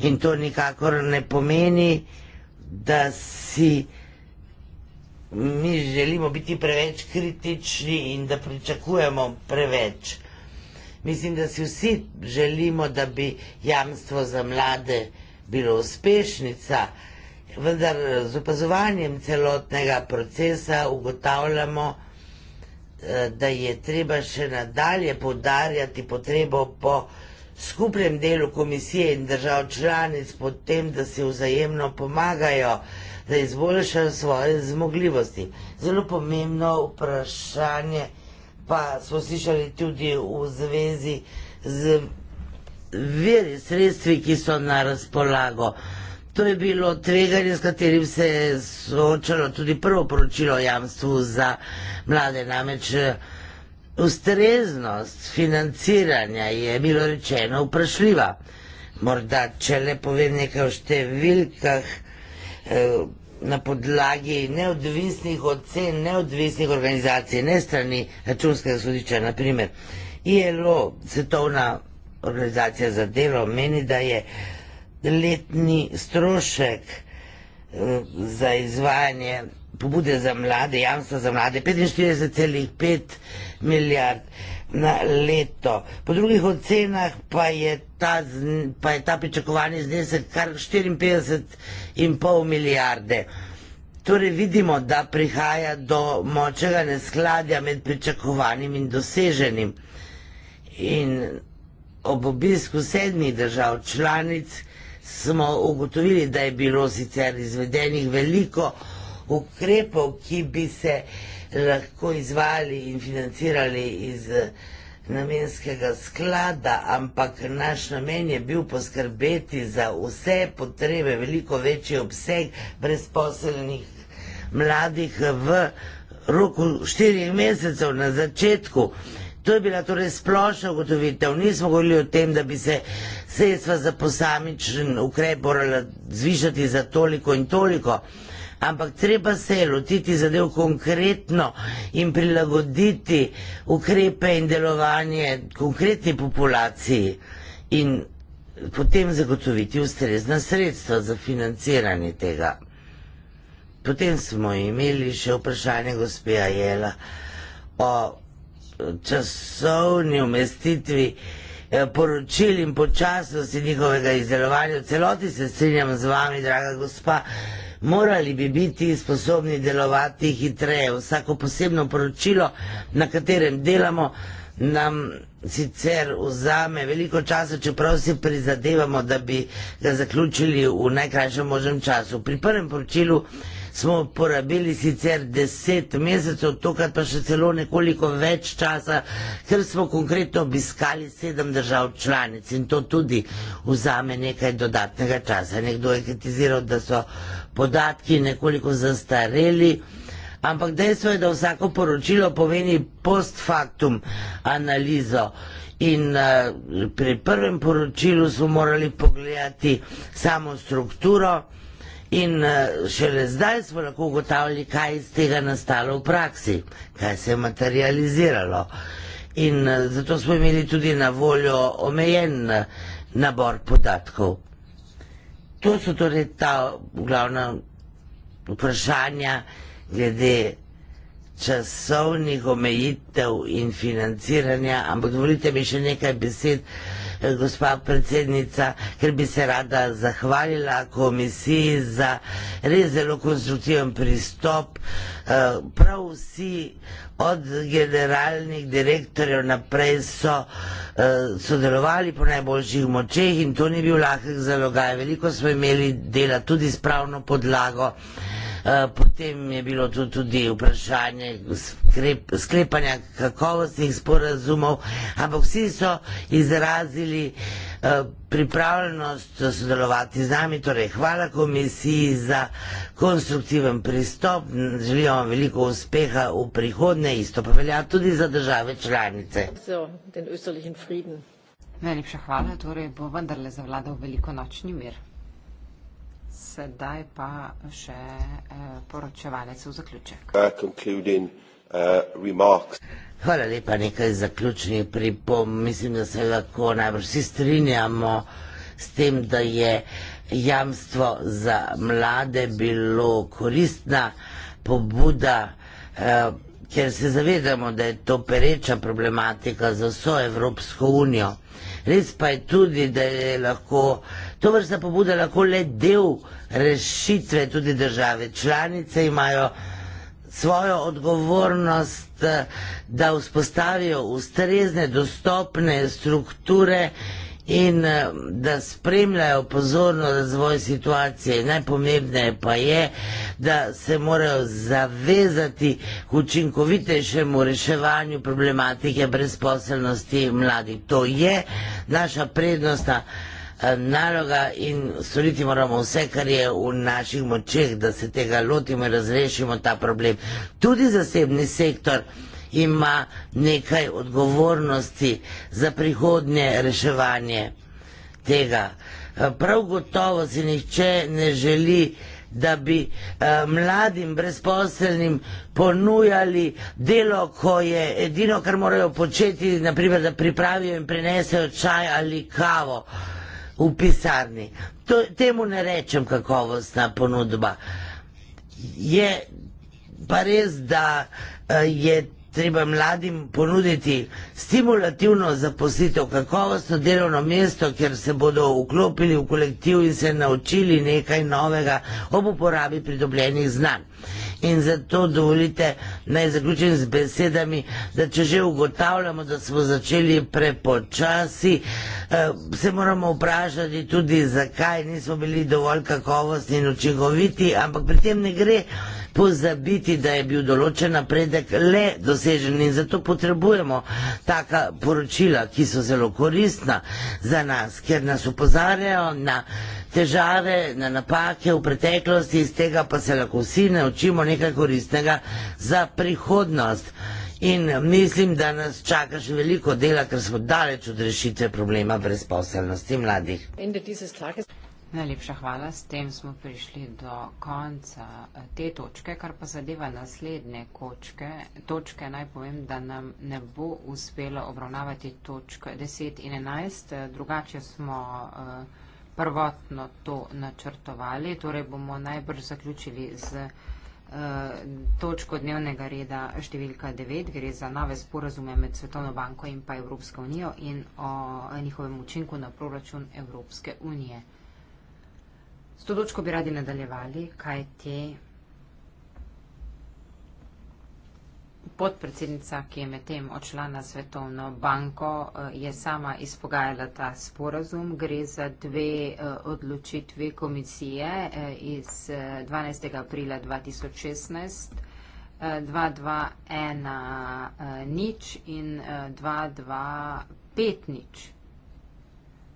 In to nikakor ne pomeni, da si mi želimo biti preveč kritični in da pričakujemo preveč. Mislim, da si vsi želimo, da bi jamstvo za mlade bilo uspešnica, vendar z opazovanjem celotnega procesa ugotavljamo, eh, da je treba še nadalje podarjati potrebo po skupnem delu komisije in držav članic, potem, da se vzajemno pomagajo da izboljšajo svoje zmogljivosti. Zelo pomembno vprašanje pa smo slišali tudi v zvezi z veri sredstvi, ki so na razpolago. To je bilo tveganje, s katerim se je soočalo tudi prvo poročilo o jamstvu za mlade. Namreč eh, ustreznost financiranja je bilo rečeno vprašljiva. Morda, če le povem nekaj o številkah, eh, na podlagi neodvisnih ocen, neodvisnih organizacij, ne strani računskega sodišča, naprimer ILO, Svetovna organizacija za delo, meni, da je letni strošek eh, za izvajanje pobude za mlade, jamstva za mlade 45,5 milijard na leto. Po drugih ocenah pa je ta, pa je ta pričakovani znesek kar 54,5 milijarde. Torej vidimo, da prihaja do močnega neskladja med pričakovanim in doseženim. In ob obisku sedmih držav članic smo ugotovili, da je bilo sicer izvedenih veliko ukrepov, ki bi se lahko izvali in financirali iz eh, namenskega sklada, ampak naš namen je bil poskrbeti za vse potrebe, veliko večji obseg brezposelnih mladih v roku štirih mesecev na začetku. To je bila torej splošna ugotovitev. Nismo govorili o tem, da bi se sredstva za posamičen ukrep morala zvišati za toliko in toliko ampak treba se je lotiti zadev konkretno in prilagoditi ukrepe in delovanje konkretni populaciji in potem zagotoviti ustrezna sredstva za financiranje tega. Potem smo imeli še vprašanje gospe Ajela o časovni umestitvi eh, poročil in počasnosti njihovega izdelovanja. V celoti se strinjam z vami, draga gospa morali bi biti sposobni delovati hitreje. Vsako posebno poročilo, na katerem delamo, nam sicer vzame veliko časa, čeprav si prizadevamo, da bi ga zaključili v najkrajšem možnem času. Pri prvem poročilu smo porabili sicer deset mesecev, tokrat pa še celo nekoliko več časa, ker smo konkretno obiskali sedem držav članic in to tudi vzame nekaj dodatnega časa. Nekdo je kritiziral, da so podatki nekoliko zastareli. Ampak dejstvo je, da vsako poročilo pomeni post factum analizo. In uh, pri prvem poročilu smo morali pogledati samo strukturo. In eh, šele zdaj smo lahko ugotavljali, kaj iz tega nastalo v praksi, kaj se je materializiralo. In eh, zato smo imeli tudi na voljo omejen eh, nabor podatkov. To so torej ta glavna vprašanja glede časovnih omejitev in financiranja, ampak dovolite mi še nekaj besed. Eh, gospa predsednica, ker bi se rada zahvalila komisiji za res zelo konstruktiven pristop. Eh, prav vsi od generalnih direktorjev naprej so eh, sodelovali po najboljših močeh in to ni bil lahek zalogaj. Veliko smo imeli dela tudi s pravno podlago. Eh, potem je bilo tu tudi vprašanje sklepanja kakovostnih sporazumov, ampak vsi so izrazili eh, pripravljenost sodelovati z nami, torej hvala komisiji za konstruktiven pristop, želimo vam veliko uspeha v prihodnje, isto pa velja tudi za države članice. Najlepša hvala, torej bo vendarle zavladal veliko nočni mir sedaj pa še eh, poročevalec v zaključek. Uh, uh, Hvala lepa, nekaj zaključnih pripomb. Mislim, da se lahko najbrž vsi strinjamo s tem, da je jamstvo za mlade bilo koristna pobuda, eh, ker se zavedamo, da je to pereča problematika za vso Evropsko unijo. Res pa je tudi, da je lahko to vrsta pobuda lahko le del rešitve tudi države članice imajo svojo odgovornost, eh, da vzpostavijo ustrezne, dostopne strukture in eh, da spremljajo pozorno razvoj situacije. Najpomembneje pa je, da se morajo zavezati k učinkovitejšemu reševanju problematike brezposelnosti mladih. To je naša prednost. Na Eh, naloga in storiti moramo vse, kar je v naših močeh, da se tega lotimo in razrešimo ta problem. Tudi zasebni sektor ima nekaj odgovornosti za prihodnje reševanje tega. Eh, prav gotovo si nihče ne želi, da bi eh, mladim brezposelnim ponujali delo, ko je edino, kar morajo početi, naprimer, da pripravijo in prinesejo čaj ali kavo v pisarni. To, temu ne rečem kakovostna ponudba. Je pa res, da eh, je treba mladim ponuditi stimulativno zaposlitev, kakovostno delovno mesto, kjer se bodo vklopili v kolektiv in se naučili nekaj novega ob uporabi pridobljenih znanj in zato dovolite naj zaključim z besedami, da če že ugotavljamo, da smo začeli prepočasi, eh, se moramo vprašati tudi, zakaj nismo bili dovolj kakovostni in učinkoviti, ampak pri tem ne gre pozabiti, da je bil določen napredek le dosežen in zato potrebujemo taka poročila, ki so zelo koristna za nas, ker nas upozarjajo na težave, na napake v preteklosti, iz tega pa se lahko vsi naučimo nekaj koristnega za prihodnost. In mislim, da nas čaka še veliko dela, ker smo daleč od rešitve problema brezposelnosti mladih. Najlepša hvala. S tem smo prišli do konca eh, te točke, kar pa zadeva naslednje kočke, točke. Naj povem, da nam ne bo uspelo obravnavati točk 10 in 11. Eh, drugače smo eh, prvotno to načrtovali, torej bomo najbrž zaključili z točko dnevnega reda številka 9, gre za nove sporazume med Svetovno banko in pa Evropsko unijo in o njihovem učinku na proračun Evropske unije. S to točko bi radi nadaljevali, kaj ti podpredsednica, ki je med tem odšla na Svetovno banko, eh, je sama izpogajala ta sporazum. Gre za dve eh, odločitve komisije eh, iz 12. aprila 2016. 221 uh, nič in 225 uh, nič.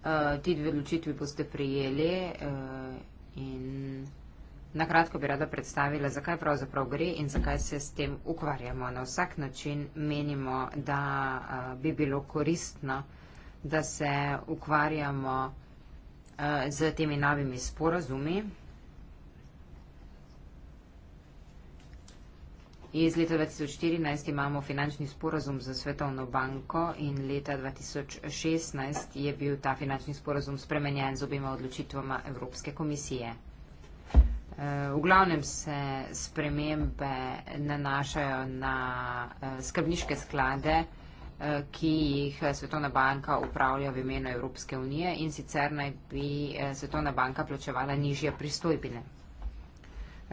Uh, ti dve odločitvi boste prijeli. Uh, In na kratko bi rada predstavila, zakaj pravzaprav gre in zakaj se s tem ukvarjamo. Na vsak način menimo, da bi bilo koristno, da se ukvarjamo z temi novimi sporazumi, Iz leta 2014 imamo finančni sporazum za Svetovno banko in leta 2016 je bil ta finančni sporazum spremenjen z obima odločitvama Evropske komisije. Eh, v glavnem se spremembe nanašajo na eh, skrbniške sklade, eh, ki jih Svetovna banka upravlja v imenu Evropske unije in sicer naj bi Svetovna banka plačevala nižje pristojbine.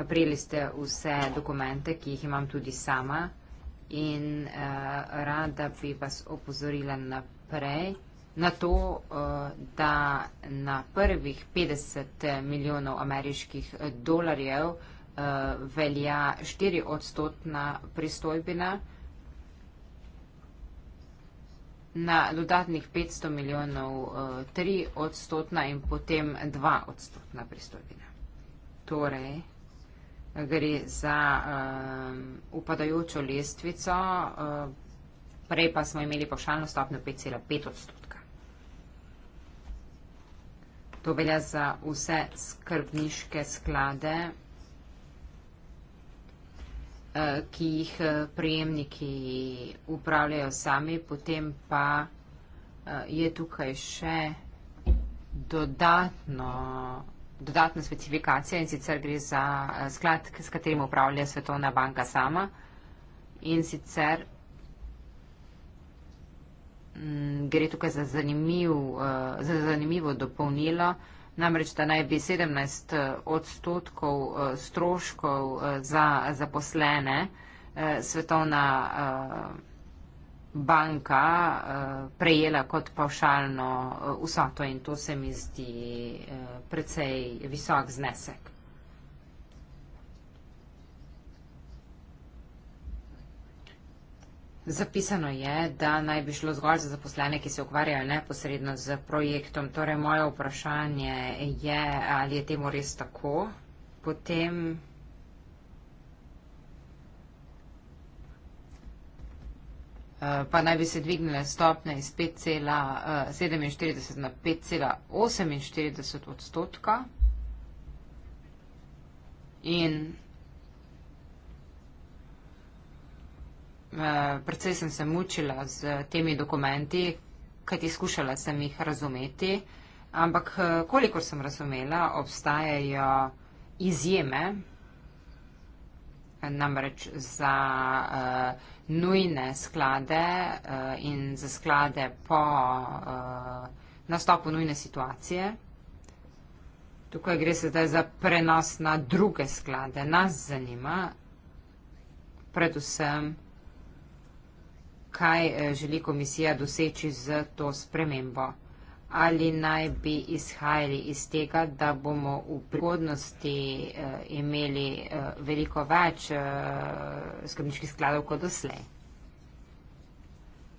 Prijeli ste vse dokumente, ki jih imam tudi sama in uh, rada bi vas opozorila naprej na to, uh, da na prvih 50 milijonov ameriških dolarjev uh, velja 4 odstotna pristojbina, na dodatnih 500 milijonov uh, 3 odstotna in potem 2 odstotna pristojbina. Torej, gre za uh, upadajočo lestvico, uh, prej pa smo imeli pošaljno stopnjo 5,5 odstotka. To velja za vse skrbniške sklade, uh, ki jih prijemniki upravljajo sami, potem pa uh, je tukaj še dodatno. Uh, dodatna specifikacija in sicer gre za eh, sklad, s katerim upravlja Svetovna banka sama in sicer mm, gre tukaj za, zanimiv, eh, za zanimivo dopolnilo, namreč da naj bi 17 eh, odstotkov stroškov za zaposlene svetovna banka eh, prejela kot pavšalno eh, vso to in to se mi zdi eh, precej visok znesek. Zapisano je, da naj bi šlo zgolj za zaposlene, ki se ukvarjajo neposredno z projektom. Torej, moje vprašanje je, ali je temu res tako. Potem Eh, pa naj bi se dvignile stopne iz 5,47 eh, na 5,48 odstotka. In eh, predvsej sem se mučila z temi dokumenti, kajti skušala sem jih razumeti, ampak kolikor sem razumela, obstajajo izjeme namreč za uh, nujne sklade uh, in za sklade po uh, nastopu nujne situacije. Tukaj gre sedaj za prenos na druge sklade. Nas zanima predvsem, kaj želi komisija doseči z to spremembo ali naj bi izhajali iz tega, da bomo v prihodnosti uh, imeli uh, veliko več uh, skrbniških skladov kot doslej.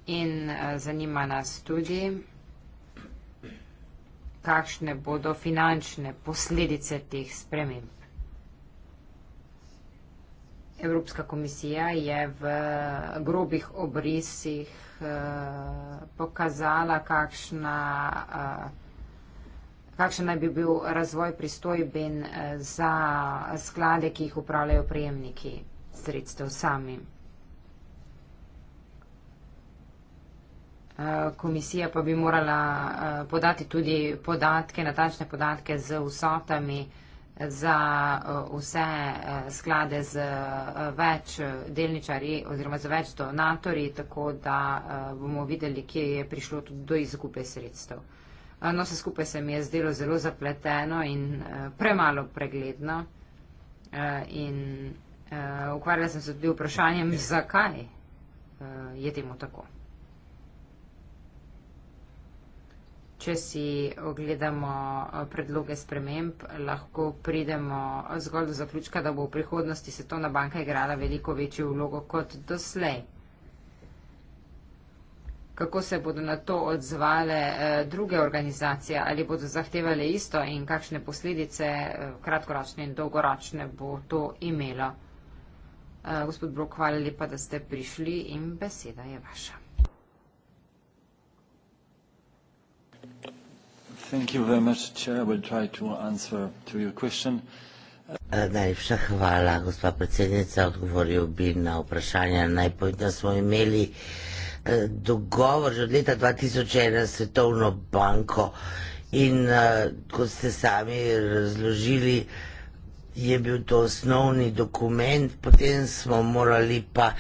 In uh, zanima nas tudi, kakšne bodo finančne posledice teh sprememb. Evropska komisija je v grobih obrisih uh, pokazala, kakšna, uh, kakšen naj bi bil razvoj pristojben uh, eh, za sklade, ki jih upravljajo prejemniki sredstev sami. Komisija pa bi morala podati tudi podatke, natančne podatke z vsotami uh, za eh, vse eh, sklade z eh, več delničarji oziroma z več donatorji, tako da bomo videli, kje je prišlo tudi do izgube sredstev. No, vse skupaj se mi je zdelo zelo zapleteno in premalo pregledno. In ukvarjala sem se tudi vprašanjem, zakaj je temu tako. če si ogledamo eh, predloge sprememb, lahko pridemo eh, zgolj do zaključka, da bo v prihodnosti svetovna banka igrala veliko večjo vlogo kot doslej. Kako se bodo na to odzvale eh, druge organizacije, ali bodo zahtevali isto in kakšne posledice kratkoročne in dolgoročne bo to imelo. Gospod Brok, hvala lepa, da ste prišli in beseda je vaša. Thank you very much, Chair. I will try to answer to your question. Eh, najlepša hvala, gospa predsednica. Odgovoril bi na vprašanje. Naj povem, da smo imeli eh, dogovor že od leta 2001 s Svetovno banko in eh, kot ste sami razložili, je bil to osnovni dokument, potem smo morali pa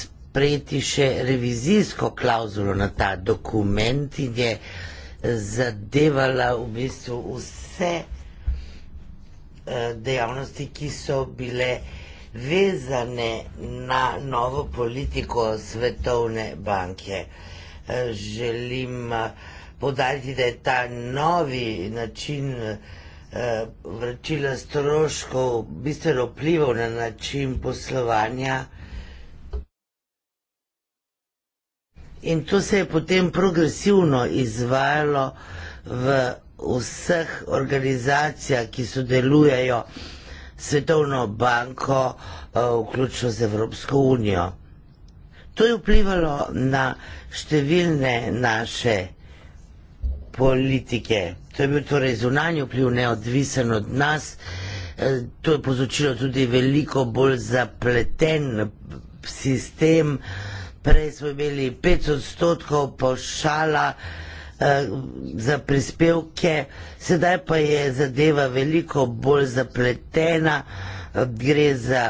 sprejeti še revizijsko klauzulo na ta dokument in je vsega, zadevala v bistvu vse eh, dejavnosti, ki so bile vezane na novo politiko Svetovne banke. Eh, želim eh, podariti, da je ta novi način vračila stroškov bistveno vplival na način poslovanja. In to se je potem progresivno izvajalo v vseh organizacijah, ki sodelujejo s Svetovno banko, eh, vključno z Evropsko unijo. To je vplivalo na številne naše politike. To je bil torej zunanji vpliv, neodvisen od nas. Eh, to je povzročilo tudi veliko bolj zapleten sistem prej smo imeli 5 odstotkov pošala eh, za prispevke, sedaj pa je zadeva veliko bolj zapletena, gre za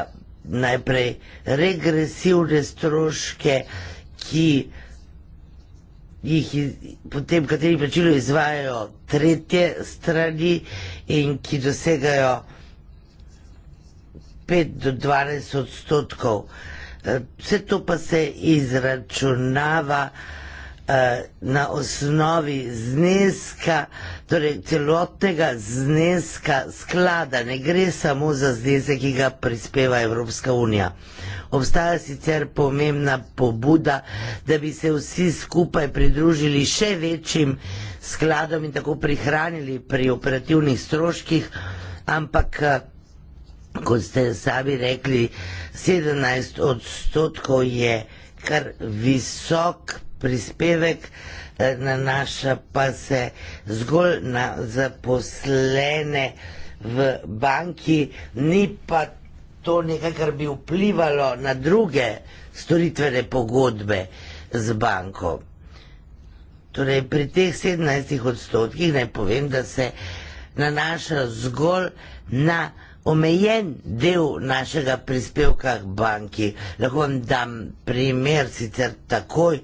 najprej regresivne stroške, ki jih potem, kateri plačilo izvajajo tretje strani in ki dosegajo 5 do 12 odstotkov. Vse to pa se izračunava eh, na osnovi zneska, torej celotnega zneska sklada, ne gre samo za znesek, ki ga prispeva Evropska unija. Obstaja sicer pomembna pobuda, da bi se vsi skupaj pridružili še večjim skladom in tako prihranili pri operativnih stroških, ampak eh, kot ste sami rekli, 17 odstotkov je kar visok prispevek, eh, nanaša pa se zgolj na zaposlene v banki, ni pa to nekaj, kar bi vplivalo na druge storitvene pogodbe z banko. Torej, pri teh 17 odstotkih naj povem, da se nanaša zgolj na omejen del našega prispevka k banki. Lahko vam dam primer, sicer takoj.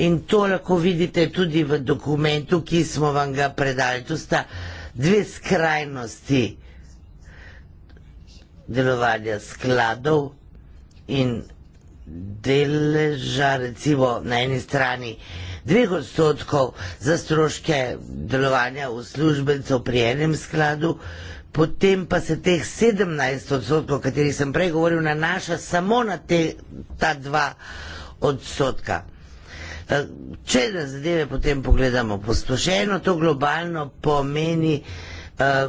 In to lahko vidite tudi v dokumentu, ki smo vam ga predali. Tu sta dve skrajnosti delovanja skladov in deleža, recimo na eni strani dveh odstotkov za stroške delovanja uslužbencev pri enem skladu, potem pa se teh 17 odstotkov, o katerih sem prej govoril, nanaša samo na te, ta dva odstotka. E, če na zadeve potem pogledamo postošeno, to globalno pomeni uh, e,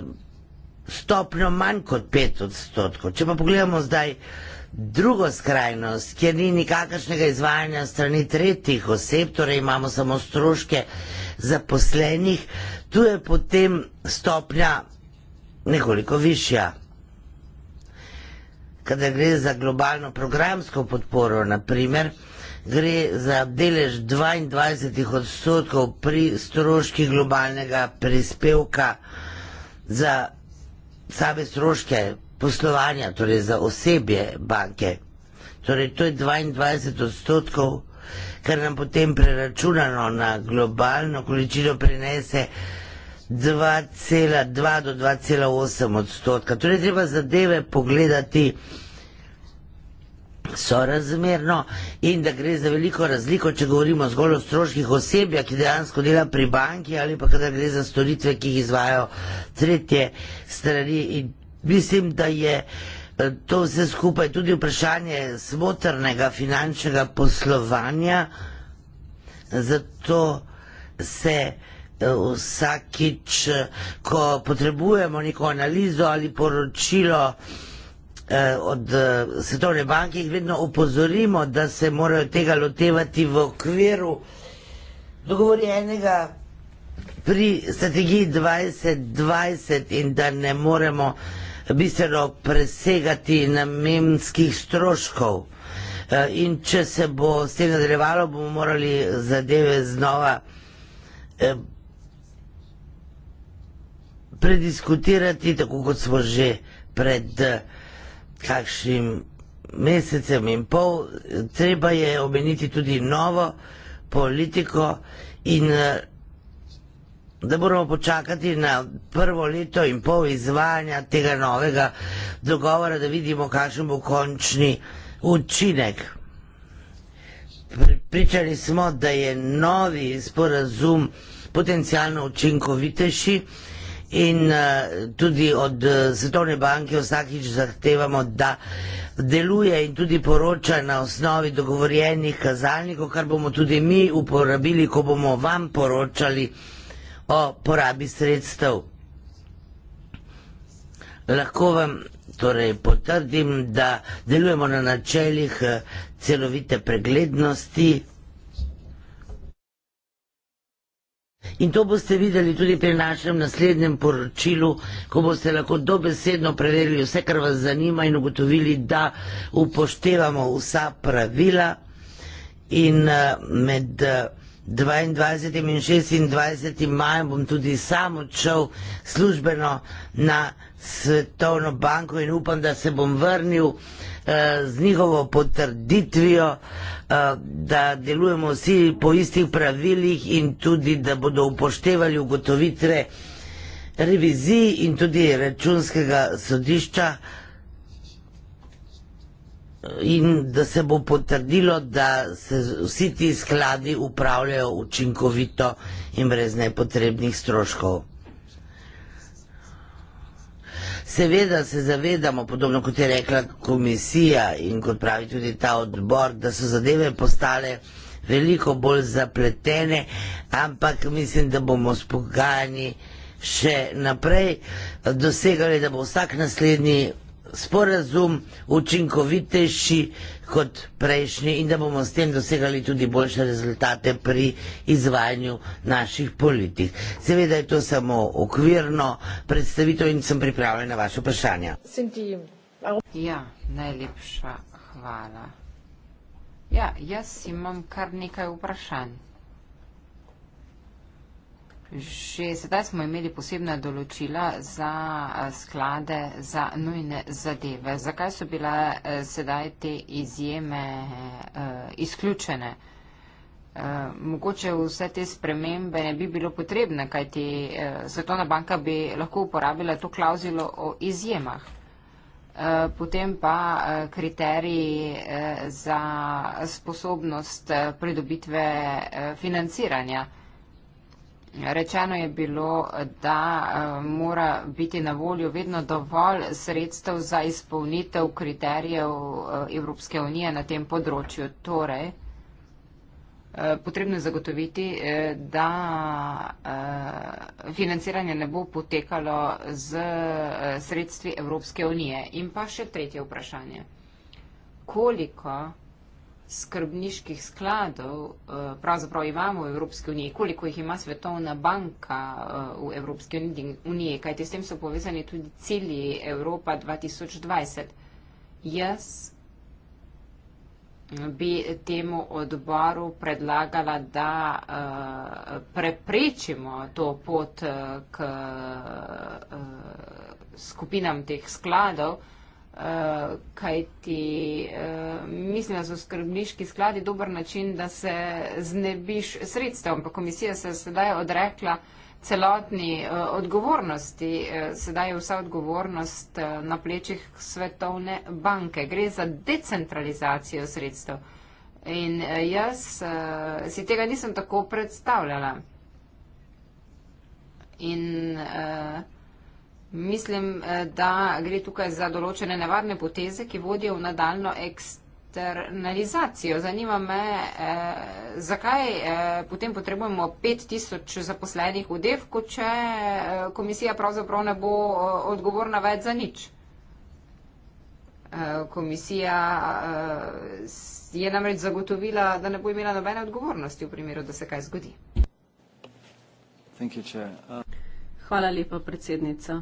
stopno manj kot 5 odstotkov. Če pa pogledamo zdaj uh, drugo skrajnost, kjer ni nikakršnega izvajanja strani tretjih oseb, torej imamo samo stroške zaposlenih, tu je potem stopnja nekoliko višja. Kada gre za globalno programsko podporo, naprimer, gre za delež 22 odstotkov pri stroških globalnega prispevka za same stroške poslovanja, torej za osebje banke. Torej, to je 22 odstotkov, kar nam potem preračunano na globalno količino prenese 2,2 do 2,8 odstotka. Torej, treba zadeve pogledati sorazmerno in da gre za veliko razliko, če govorimo zgolj o stroških osebja, ki dejansko dela pri banki ali pa kada gre za storitve, ki jih izvajo tretje strani in Mislim, da je eh, to vse skupaj tudi vprašanje smotrnega finančnega poslovanja, zato se eh, vsakič, eh, ko potrebujemo neko analizo ali poročilo od Svetovne banke, jih vedno opozorimo, da se morajo tega lotevati v okviru dogovorjenega pri strategiji 2020 in da ne moremo bistveno presegati namenskih stroškov. E, in če se bo s tem nadaljevalo, bomo morali zadeve znova e, prediskutirati, tako kot smo že pred e, kakšnim mesecem in pol. Treba je omeniti tudi novo politiko in da moramo počakati na prvo leto in pol izvajanja tega novega dogovora, da vidimo, kakšen bo končni učinek. Pričali smo, da je novi sporazum potencijalno učinkovitejši in eh, tudi od eh, Svetovne banke vsakič zahtevamo, da deluje in tudi poroča na osnovi dogovorjenih kazalnikov, kar bomo tudi mi uporabili, ko bomo vam poročali o porabi sredstev. Lahko vam torej potrdim, da delujemo na načeljih eh, celovite preglednosti in to boste videli tudi pri našem naslednjem poročilu, ko boste lahko dobesedno preverili vse, kar vas zanima in ugotovili, da upoštevamo vsa pravila in eh, med vsega, eh, 22. in 26. maja bom tudi sam odšel službeno na Svetovno banko in upam, da se bom vrnil eh, z njihovo potrditvijo, eh, da delujemo vsi po istih pravilih in tudi, da bodo upoštevali ugotovitve revizij in tudi računskega sodišča in da se bo potrdilo, da se vsi ti skladi upravljajo učinkovito in brez nepotrebnih stroškov. Seveda se zavedamo, podobno kot je rekla komisija in kot pravi tudi ta odbor, da so zadeve postale veliko bolj zapletene, ampak mislim, da bomo s pogajanji še naprej dosegali, da bo vsak naslednji sporazum učinkovitejši kot prejšnji in da bomo s tem dosegali tudi boljše rezultate pri izvajanju naših politik. Seveda je to samo okvirno predstavitev in sem pripravljen na vaše vprašanje. Ja, najlepša hvala. Ja, jaz imam kar nekaj vprašanj. Že sedaj smo imeli posebna določila za eh, sklade za nujne zadeve. Zakaj so bile eh, sedaj te izjeme eh, izključene? Mogoče vse te spremembe ne bi bilo potrebne, kajti Svetovna banka bi lahko uporabila to klauzulo o izjemah. Potem pa kriteriji za sposobnost pridobitve financiranja. Rečeno je bilo, da eh, mora biti na voljo vedno dovolj sredstev za izpolnitev kriterijev eh, Evropske unije na tem področju. Torej, eh, potrebno je zagotoviti, da financiranje ne bo potekalo z sredstvi Evropske unije. In pa še tretje vprašanje. Koliko skrbniških skladov, eh, pravzaprav imamo v Evropski uniji, koliko jih ima Svetovna banka eh, v Evropski uniji, kajti s tem so povezani tudi cilji Evropa 2020. Jaz bi temu odboru predlagala, da eh, preprečimo to pot k skupinam teh skladov, Eh, kajti eh, mislim, da so skrbniški skladi dober način, da se znebiš sredstev, ampak komisija se je sedaj odrekla celotni eh, odgovornosti, sedaj je vsa odgovornost na plečih svetovne banke. Gre za decentralizacijo sredstev in jaz si tega nisem tako predstavljala. In uh, Mislim, eh, da gre tukaj za določene nevarne poteze, ki vodijo v nadaljno eksternalizacijo. Zanima me, eh, zakaj eh, potem potrebujemo 5000 zaposlenih v Devku, če eh, komisija pravzaprav ne bo eh, odgovorna več za nič. Eh, komisija eh, je namreč zagotovila, da ne bo imela nobene odgovornosti v primeru, da se kaj zgodi. Hvala lepa, predsednica.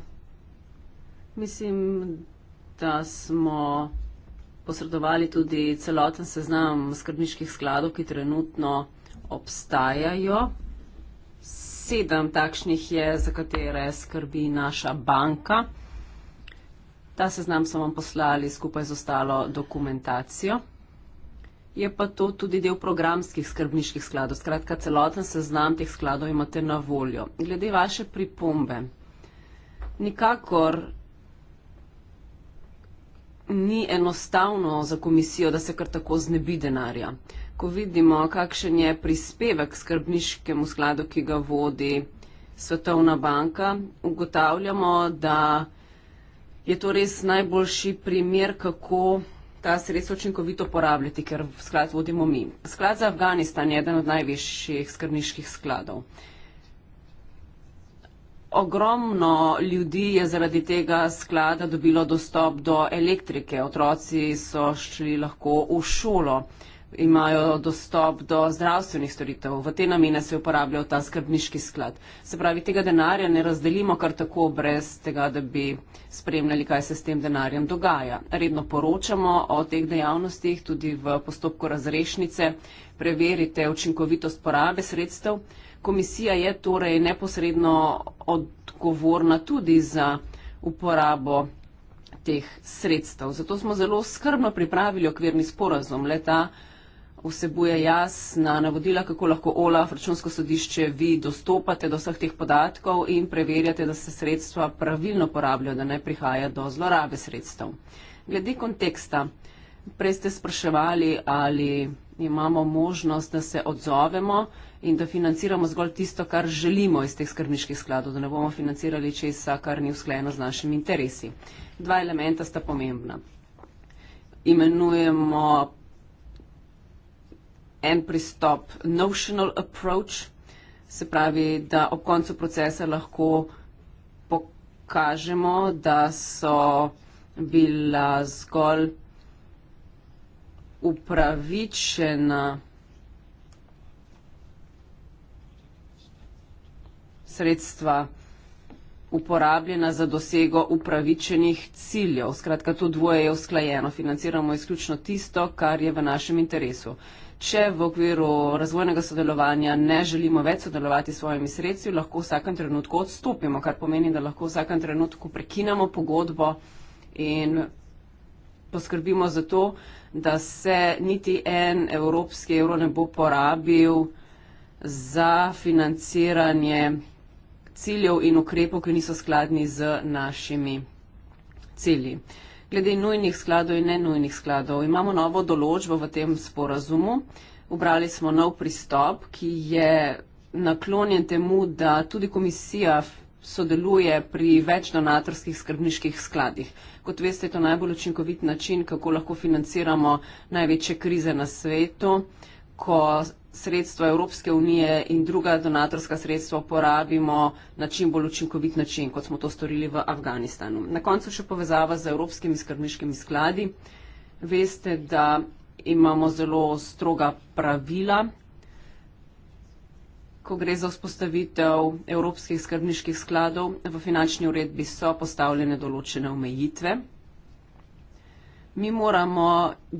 Mislim, da smo posredovali tudi celoten seznam skrbniških skladov, ki trenutno obstajajo. Sedem takšnih je, za katere skrbi naša banka. Ta seznam so vam poslali skupaj z ostalo dokumentacijo. Je pa to tudi del programskih skrbniških skladov. Skratka, celoten seznam teh skladov imate na voljo. Glede vaše pripombe, nikakor ni enostavno za komisijo, da se kar tako znebi denarja. Ko vidimo, kakšen je prispevek skrbniškemu skladu, ki ga vodi Svetovna banka, ugotavljamo, da je to res najboljši primer, kako ta sredstvo učinkovito porabljati, ker sklad vodimo mi. Sklad za Afganistan je eden od največjih skrbniških skladov. Ogromno ljudi je zaradi tega sklada dobilo dostop do elektrike. Otroci so šli lahko v šolo, imajo dostop do zdravstvenih storitev. V te namene se je uporabljal ta skrbniški sklad. Se pravi, tega denarja ne razdelimo kar tako brez tega, da bi spremljali, kaj se s tem denarjem dogaja. Redno poročamo o teh dejavnostih tudi v postopku razrešnice. Preverite učinkovitost porabe sredstev. Komisija je torej neposredno odgovorna tudi za uporabo teh sredstev. Zato smo zelo skrbno pripravili okvirni sporazum. Leta vsebuje jasna navodila, kako lahko OLAF, računsko sodišče, vi dostopate do vseh teh podatkov in preverjate, da se sredstva pravilno porabljajo, da ne prihaja do zlorabe sredstev. Glede konteksta, prej ste spraševali, ali imamo možnost, da se odzovemo in da financiramo zgolj tisto, kar želimo iz teh skrbniških skladov, da ne bomo financirali česa, kar ni usklajeno z našimi interesi. Dva elementa sta pomembna. Imenujemo en pristop notional approach, se pravi, da ob koncu procesa lahko pokažemo, da so bila zgolj upravičena sredstva uporabljena za dosego upravičenih ciljev. Skratka, to dvoje je usklajeno. Financiramo izključno tisto, kar je v našem interesu. Če v okviru razvojnega sodelovanja ne želimo več sodelovati s svojimi sredstvi, lahko v vsakem trenutku odstopimo, kar pomeni, da lahko v vsakem trenutku prekinemo pogodbo in poskrbimo za to, da se niti en evropski evro ne bo porabil za financiranje ciljev in ukrepov, ki niso skladni z našimi cilji. Glede nujnih skladov in nenujnih skladov imamo novo določbo v tem sporazumu. Ubrali smo nov pristop, ki je naklonjen temu, da tudi komisija sodeluje pri več donatorskih skrbniških skladih. Kot veste, je to najbolj učinkovit način, kako lahko financiramo največje krize na svetu, ko sredstva Evropske unije in druga donatorska sredstva porabimo na čim bolj učinkovit način, kot smo to storili v Afganistanu. Na koncu še povezava z Evropskimi skrbniškimi skladi. Veste, da imamo zelo stroga pravila, ko gre za vzpostavitev Evropskih skrbniških skladov. V finančni uredbi so postavljene določene omejitve mi moramo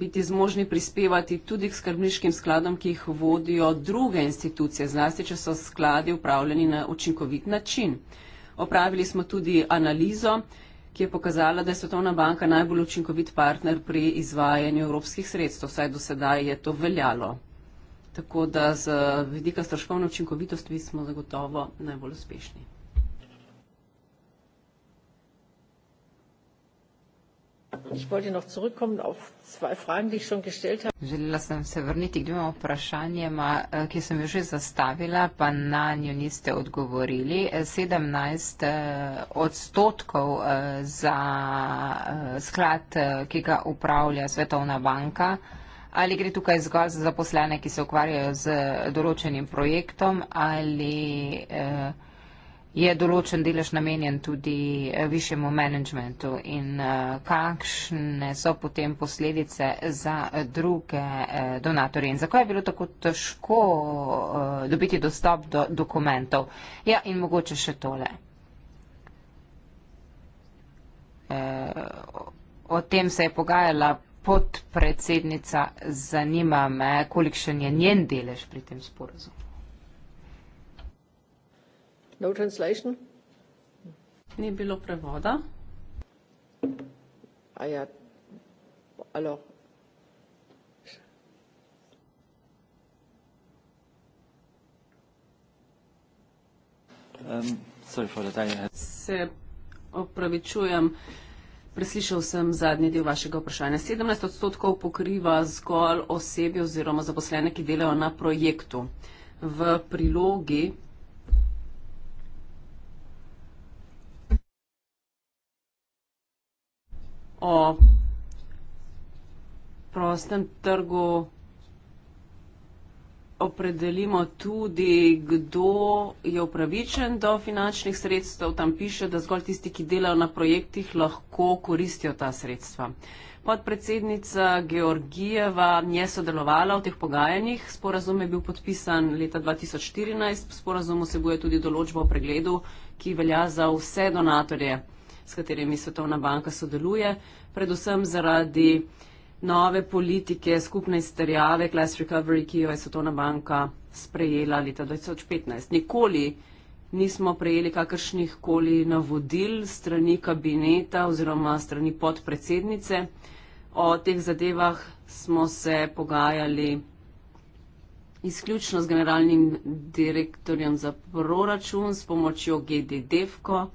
biti zmožni prispevati tudi k skrbniškim skladom, ki jih vodijo druge institucije, zlasti, če so skladi upravljeni na učinkovit način. Opravili smo tudi analizo, ki je pokazala, da je Svetovna banka najbolj učinkovit partner pri izvajanju evropskih sredstev. Vsaj do sedaj je to veljalo. Tako da z vidika stroškovne učinkovitosti smo zagotovo najbolj uspešni. Ich wollte noch zurückkommen auf zwei Fragen, die ich schon gestellt habe. Želela sem se vrniti k dvema vprašanjema, eh, ki sem jo že zastavila, pa na njo niste odgovorili. 17 eh, eh, odstotkov za sklad, ki ga upravlja Svetovna banka. Ali gre tukaj zgolj za zaposlene, ki se ukvarjajo z določenim projektom ali. Eh, je določen delež namenjen tudi eh, višjemu menedžmentu in eh, kakšne so potem posledice za eh, druge donatorje in zakaj je bilo tako težko dobiti dostop do dokumentov. Ja, in mogoče še tole. O tem se je pogajala podpredsednica, zanima me, kolikšen je njen delež pri tem sporozumu. No translation? Ni bilo prevoda. A ja, alo. Um, sorry for the time. Se opravičujem. Preslišal sem zadnji del vašega vprašanja. 17 odstotkov pokriva zgolj osebi oziroma zaposlene, ki delajo na projektu. V prilogi o prostem trgu opredelimo tudi, kdo je upravičen do finančnih sredstev. Tam piše, da zgolj tisti, ki delajo na projektih, lahko koristijo ta sredstva. Podpredsednica Georgijeva je sodelovala v teh pogajanjih. Sporazum je bil podpisan leta 2014. Sporazum vsebuje tudi določbo o pregledu, ki velja za vse donatorje s katerimi Svetovna banka sodeluje, predvsem zaradi nove politike skupne izterjave, class recovery, ki jo je Svetovna banka sprejela leta 2015. Nikoli nismo prejeli kakršnih koli navodil strani kabineta oziroma strani podpredsednice. O teh zadevah smo se pogajali izključno z generalnim direktorjem za proračun s pomočjo GDDFKO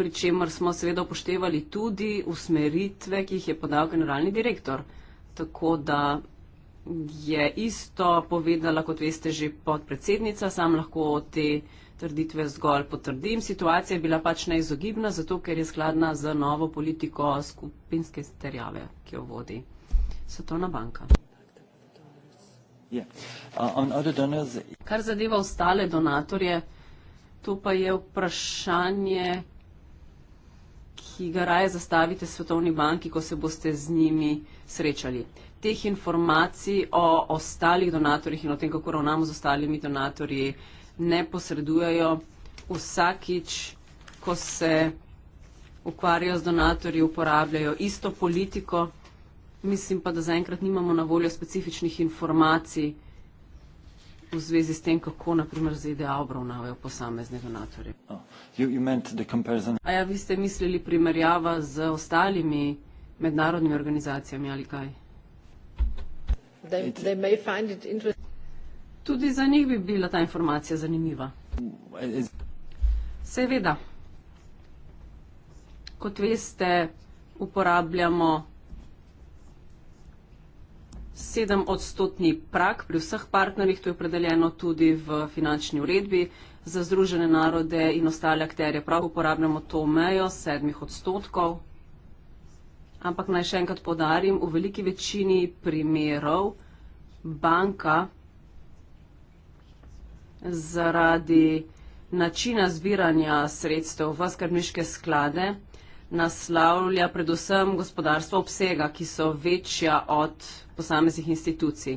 pri čemer smo seveda upoštevali tudi usmeritve, ki jih je podal generalni direktor. Tako da je isto povedala, kot veste, že podpredsednica, sam lahko te trditve zgolj potrdim. Situacija je bila pač neizogibna, zato ker je skladna z novo politiko skupinske terjave, ki jo vodi Svetovna banka. Uh, Kar zadeva ostale donatorje, to pa je vprašanje, ki ga raje zastavite svetovni banki, ko se boste z njimi srečali. Teh informacij o ostalih donatorjih in o tem, kako ravnamo z ostalimi donatorji, ne posredujejo vsakič, ko se ukvarjajo z donatorji, uporabljajo isto politiko. Mislim pa, da zaenkrat nimamo na voljo specifičnih informacij, v zvezi s tem, kako naprimer ZDA obravnavajo posamezne donatorje. Oh, A ja, vi ste mislili primerjava z ostalimi mednarodnimi organizacijami ali kaj? They, they Tudi za njih bi bila ta informacija zanimiva. Mm, Seveda, kot veste, uporabljamo sedemodstotni prak pri vseh partnerjih, to je opredeljeno tudi v finančni uredbi. Za Združene narode in ostale akterje prav uporabljamo to mejo sedmih odstotkov. Ampak naj še enkrat podarim, v veliki večini primerov banka zaradi načina zbiranja sredstev v skrbniške sklade naslavlja predvsem gospodarstvo obsega, ki so večja od posameznih institucij.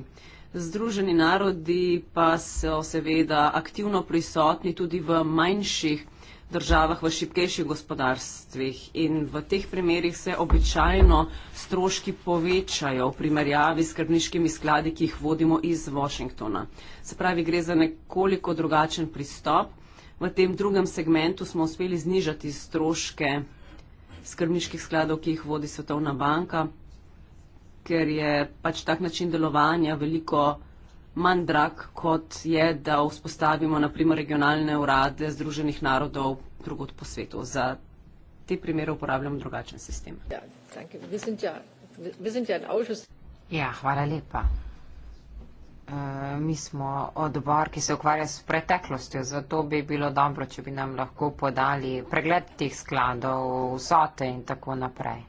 Združeni narodi pa so seveda aktivno prisotni tudi v manjših državah, v šipkejših gospodarstvih in v teh primerjih se običajno stroški povečajo v primerjavi s skrbniškimi skladi, ki jih vodimo iz Washingtona. Se pravi, gre za nekoliko drugačen pristop. V tem drugem segmentu smo uspeli znižati stroške skrbniških skladov, ki jih vodi Svetovna banka, ker je pač tak način delovanja veliko manj drag, kot je, da vzpostavimo naprimer regionalne urade Združenih narodov drugot po svetu. Za te primere uporabljamo drugačen sistem. Ja, ja, ja, ja hvala lepa. Eh, mi smo odbor, ki se ukvarja s preteklostjo, zato bi bilo dobro, če bi nam lahko podali pregled teh skladov, vsote in tako naprej.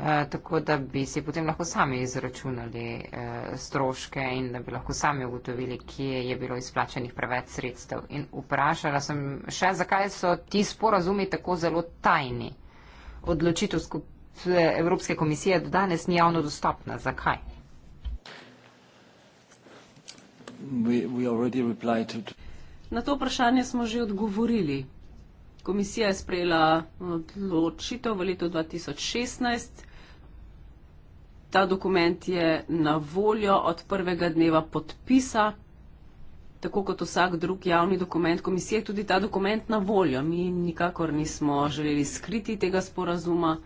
E, tako da bi si potem lahko sami izračunali e, stroške in da bi lahko sami ugotovili, kje je bilo izplačenih preveč sredstev. In vprašala sem še, zakaj so ti sporazumi tako zelo tajni. Odločitev Evropske komisije do danes ni javno dostopna. Zakaj? Na to vprašanje smo že odgovorili. Komisija je sprejela odločitev v letu 2016. Ta dokument je na voljo od prvega dneva podpisa, tako kot vsak drug javni dokument komisije, tudi ta dokument na voljo. Mi nikakor nismo želeli skriti tega sporazuma,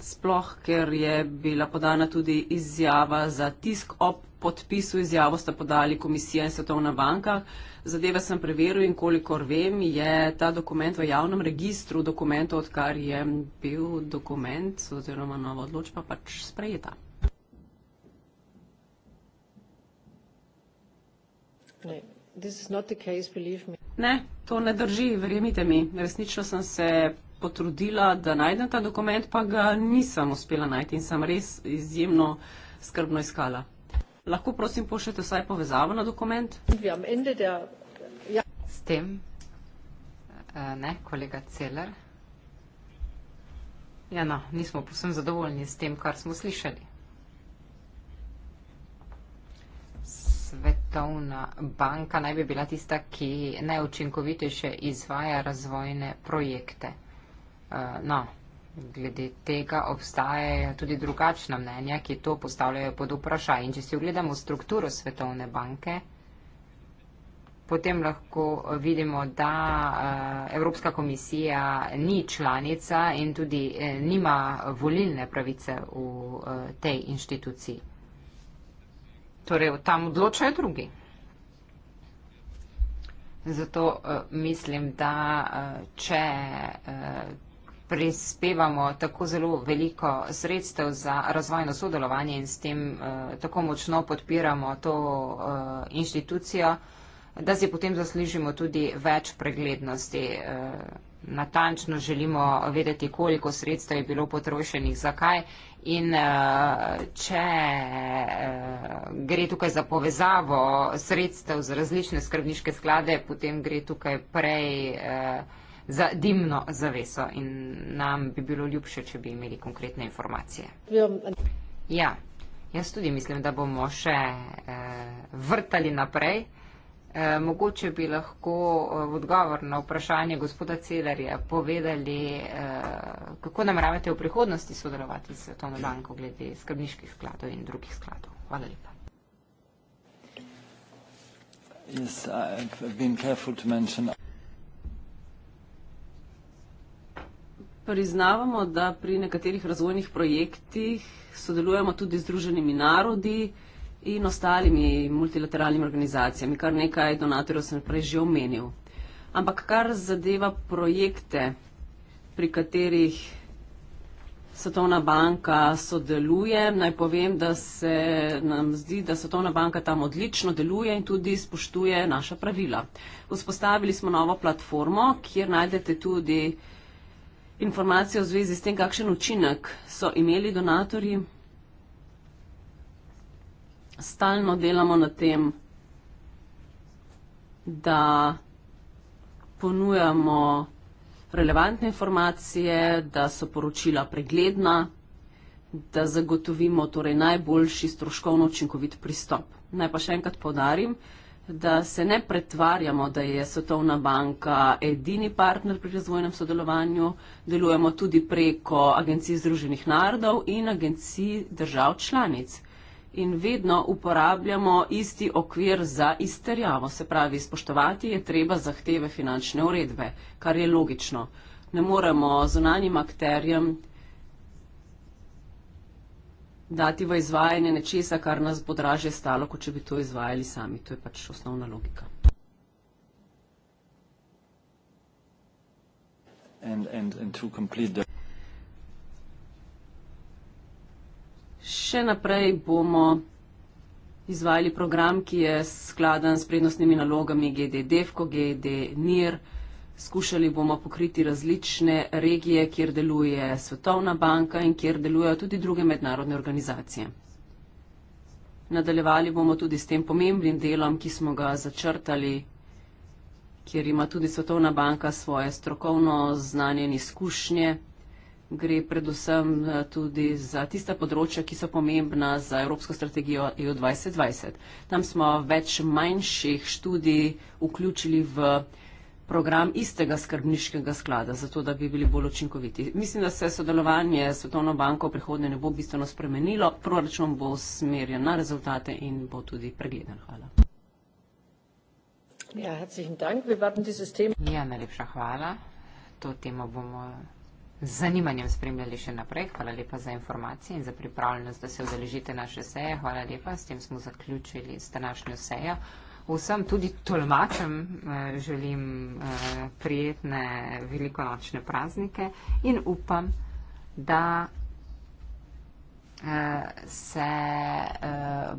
sploh ker je bila podana tudi izjava za tisk ob podpisu izjavo sta podali komisija in svetovna banka. Zadeve sem preveril in kolikor vem, je ta dokument v javnem registru dokumentov, odkar je bil dokument oziroma nova odločba pač sprejeta. Ne, to ne drži, verjemite mi. Resnično sem se potrudila, da najdem ta dokument, pa ga nisem uspela najti in sem res izjemno skrbno iskala. Lahko prosim pošljete vsaj povezavo na dokument? Ja. S tem eh, ne, kolega Celer. Ja, no, nismo posem zadovoljni s tem, kar smo slišali. Svetovna banka naj bi bila tista, ki najučinkovitejše izvaja razvojne projekte. Eh, no, Glede tega obstajajo tudi drugačna mnenja, ki to postavljajo pod vprašaj. In če si ogledamo strukturo Svetovne banke, potem lahko vidimo, da eh, Evropska komisija ni članica in tudi eh, nima volilne pravice v eh, tej inštituciji. Torej, tam odločajo drugi. Zato mislim, da če prispevamo tako zelo veliko sredstev za razvojno sodelovanje in s tem uh, tako močno podpiramo to uh, inštitucijo, da si potem zaslužimo tudi več preglednosti. Uh, Natančno želimo vedeti, koliko sredstev je bilo potrošenih, zakaj in če gre tukaj za povezavo sredstev z različne skrbniške sklade, potem gre tukaj prej. Eh, za dimno zaveso in nam bi bilo ljubše, če bi imeli konkretne informacije. Ja, jaz tudi mislim, da bomo še eh, vrtali naprej. Eh, mogoče bi lahko eh, v eh, odgovor na vprašanje gospoda Celerja povedali, eh, kako nameravate v prihodnosti sodelovati s Svetovno banko glede skrbniških skladov in drugih skladov. Hvala lepa. Yes, I've been careful to mention. priznavamo, da pri nekaterih razvojnih projektih sodelujemo tudi z Združenimi narodi in ostalimi multilateralnimi organizacijami. Kar nekaj donatorjev sem prej že omenil. Ampak kar zadeva projekte, pri katerih Svetovna banka sodeluje, naj povem, da se nam zdi, da Svetovna banka tam odlično deluje in tudi spoštuje naša pravila. Vzpostavili smo novo platformo, kjer najdete tudi uh, informacije v zvezi s tem, kakšen učinek so imeli donatorji. Stalno delamo na tem, da ponujamo relevantne informacije, da so poročila pregledna, da zagotovimo torej najboljši stroškovno učinkovit pristop. Naj pa še enkrat povdarim, da se ne pretvarjamo, da je Svetovna banka edini partner pri razvojnem sodelovanju. Delujemo tudi preko agencij Združenih narodov in agencij držav članic. In vedno uporabljamo isti okvir za izterjavo, se pravi, spoštovati je treba zahteve finančne uredbe, kar je logično. Ne moremo zunanjim akterjem dati v izvajanje nečesa, kar nas bo draže stalo, kot če bi to izvajali sami. To je pač osnovna logika. And, and, and the... Še naprej bomo izvajali program, ki je skladen s prednostnimi nalogami GDDF, GDNIR. Skušali bomo pokriti različne regije, kjer deluje Svetovna banka in kjer delujejo tudi druge mednarodne organizacije. Nadaljevali bomo tudi s tem pomembnim delom, ki smo ga začrtali, kjer ima tudi Svetovna banka svoje strokovno znanje in izkušnje. Gre predvsem eh, tudi za tista področja, ki so pomembna za Evropsko strategijo EU 2020. Tam smo več manjših študij vključili v program istega skrbniškega sklada, zato da bi bili bolj učinkoviti. Mislim, da se sodelovanje s Svetovno banko v prihodnje ne bo bistveno spremenilo, proračun bo smerjen na rezultate in bo tudi pregleden. Hvala. Ja, dank. ja najlepša hvala. To temo bomo z zanimanjem spremljali še naprej. Hvala lepa za informacije in za pripravljenost, da se udeležite naše seje. Hvala lepa, s tem smo zaključili s današnjo sejo vsem tudi tolmačem eh, želim eh, prijetne velikonočne praznike in upam, da eh, se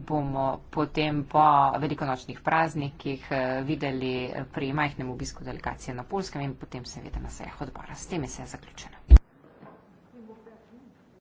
bomo potem po velikonočnih praznikih videli pri majhnem obisku delegacije na Polskem in potem seveda na sejah odbora. S tem je se zaključeno.